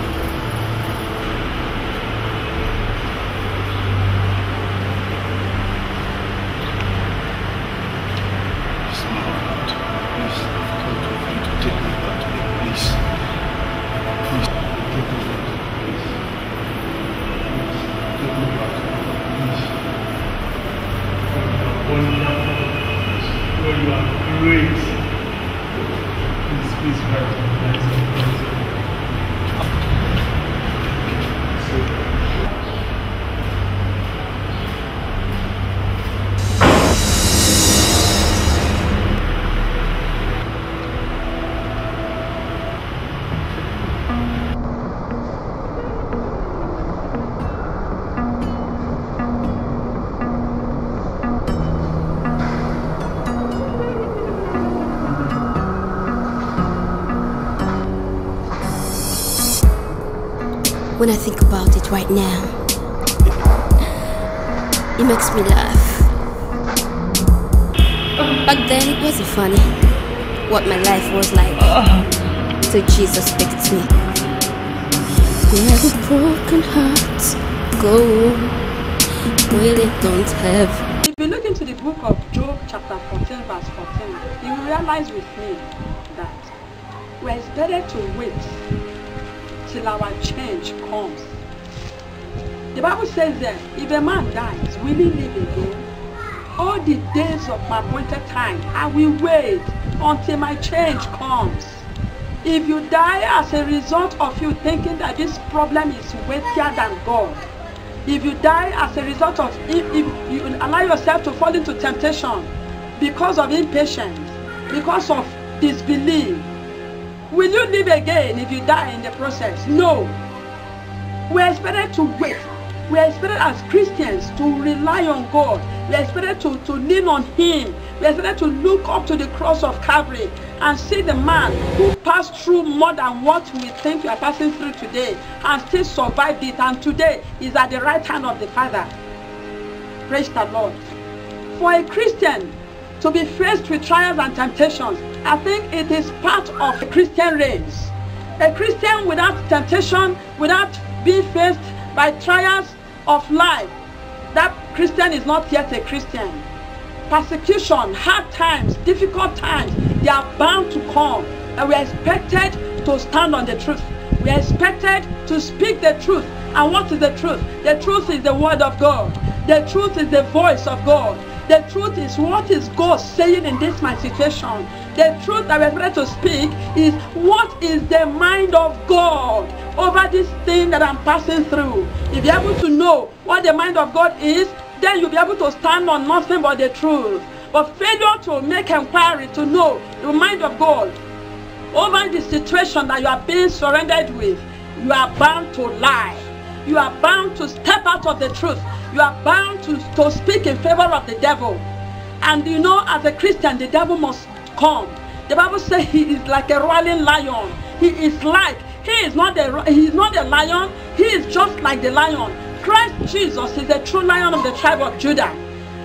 right now. It makes me laugh. Back then it wasn't funny what my life was like So Jesus picked me. Where the broken hearts go, really don't have. If you look into the book of Job, chapter 14, verse 14, you will realize with me that we're better to wait till our change comes the Bible says that if a man dies, will he live again? All the days of my appointed time, I will wait until my change comes. If you die as a result of you thinking that this problem is weightier than God, if you die as a result of if, if you allow yourself to fall into temptation because of impatience, because of disbelief, will you live again if you die in the process? No. We're expected to wait we are expected as Christians to rely on God. We are expected to, to lean on Him. We are expected to look up to the cross of Calvary and see the man who passed through more than what we think we are passing through today and still survived it and today is at the right hand of the Father. Praise the Lord. For a Christian to be faced with trials and temptations, I think it is part of the Christian race. A Christian without temptation, without being faced by trials of life, that Christian is not yet a Christian. Persecution, hard times, difficult times, they are bound to come. And we are expected to stand on the truth. We are expected to speak the truth. And what is the truth? The truth is the word of God. The truth is the voice of God. The truth is, what is God saying in this my situation? The truth that we're ready to speak is, what is the mind of God over this thing that I'm passing through? If you're able to know what the mind of God is, then you'll be able to stand on nothing but the truth. But failure to make inquiry to know the mind of God over the situation that you are being surrendered with, you are bound to lie. You are bound to step out of the truth you are bound to, to speak in favor of the devil. And you know, as a Christian, the devil must come. The Bible says he is like a roaring lion. He is like, he is not a, he is not a lion. He is just like the lion. Christ Jesus is the true lion of the tribe of Judah.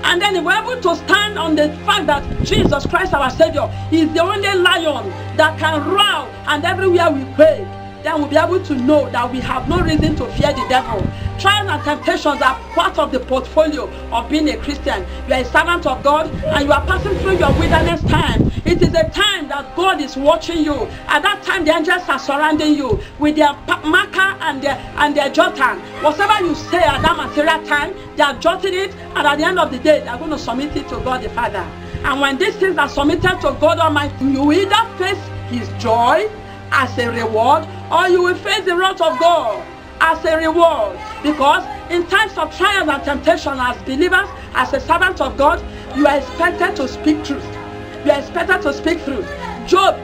And then we are able to stand on the fact that Jesus Christ, our Savior, is the only lion that can roar and everywhere we quake then we'll be able to know that we have no reason to fear the devil. Trials and temptations are part of the portfolio of being a Christian. You are a servant of God and you are passing through your wilderness time. It is a time that God is watching you. At that time, the angels are surrounding you with their marker and their and their jotter. Whatever you say at that material time, they are jotting it, and at the end of the day, they are going to submit it to God the Father. And when these things are submitted to God Almighty, you either face His joy as a reward or you will face the wrath of God as a reward. Because in times of trials and temptation as believers, as a servant of God, you are expected to speak truth. You are expected to speak truth. Job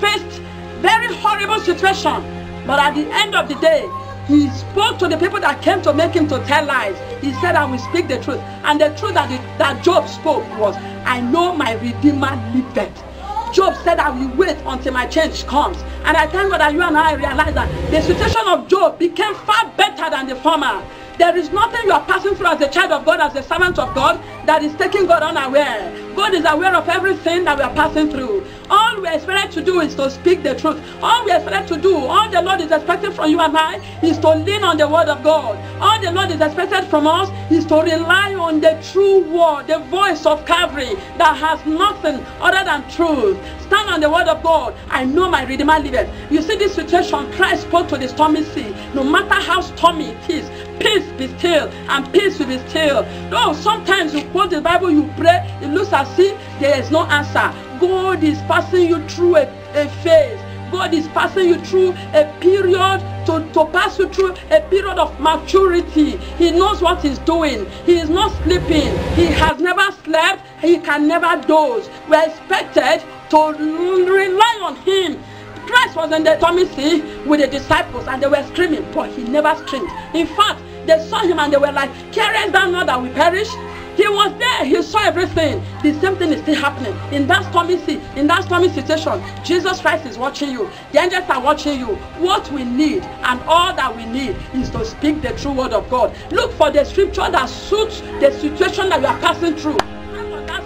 faced very horrible situation, but at the end of the day, he spoke to the people that came to make him to tell lies. He said, I will speak the truth. And the truth that, that Job spoke was, I know my Redeemer liveth. Job said, I will wait until my change comes. And I thank God that you and I realize that the situation of Job became far better than the former. There is nothing you are passing through as a child of God, as a servant of God, that is taking God unaware. God is aware of everything that we are passing through. All we are expected to do is to speak the truth. All we are expected to do, all the Lord is expecting from you and I, is to lean on the word of God. All the Lord is expected from us is to rely on the true word, the voice of Calvary that has nothing other than truth. Stand on the word of God. I know my Redeemer liveth. You see this situation, Christ spoke to the stormy sea. No matter how stormy it is, peace be still and peace will be still. Though sometimes you open the bible you pray it looks as if there is no answer god is passing you through a, a phase God is passing you through a period to, to pass you through a period of maturity. He knows what he's doing. He is not sleeping. He has never slept. He can never doze. We are expected to rely on him. Christ was in the tummy sea with the disciples and they were screaming, but he never screamed. In fact, they saw him and they were like, Carest down now that we perish? He was there. He saw everything. The same thing is still happening. In that stormy sea, in that stormy situation, Jesus Christ is watching you. The angels are watching you. What we need and all that we need is to speak the true word of God. Look for the scripture that suits the situation that you are passing through. that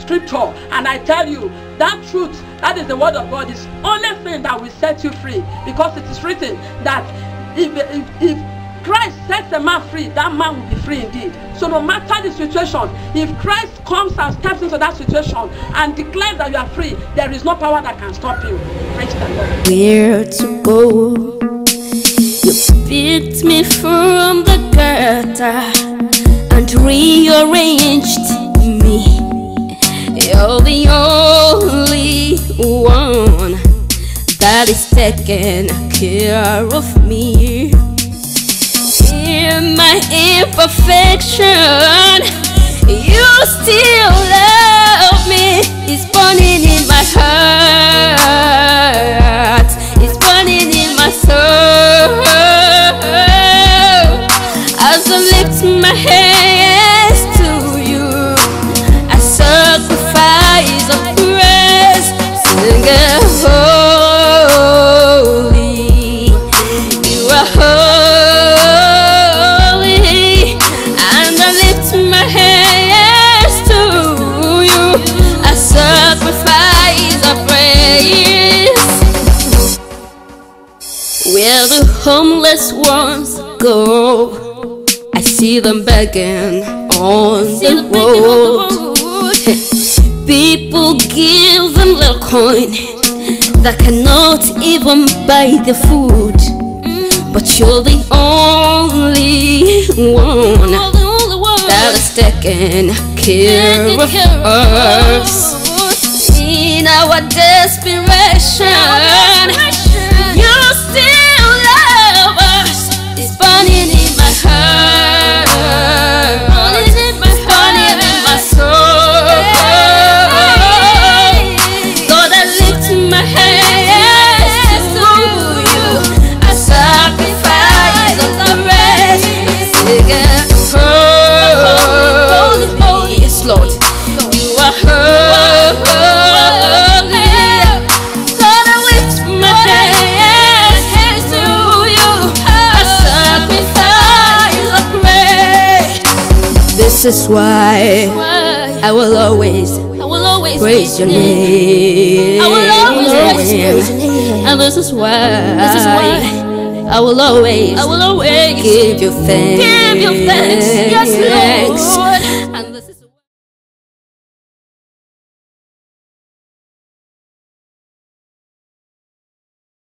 scripture and I tell you, that truth, that is the word of God, is only thing that will set you free because it is written that if, if, if Christ sets a man free, that man will be free indeed. So no matter the situation, if Christ comes and steps into that situation and declares that you are free, there is no power that can stop you. Praise the Lord. Where to go? You picked me from the gutter and rearranged me. You're the only one that is taking care of me hear my imperfection. You still love me, it's burning in my heart. homeless ones go. I see them begging on the road. People give them little coin that cannot even buy the food. Mm. But you're the only one that is taking care of us. In our desperation, you still. is why, I will always, I will always praise your name. I will always, praise your name. And this is why, I will always, I will always give you thanks. Give you thanks. Yes, Lord.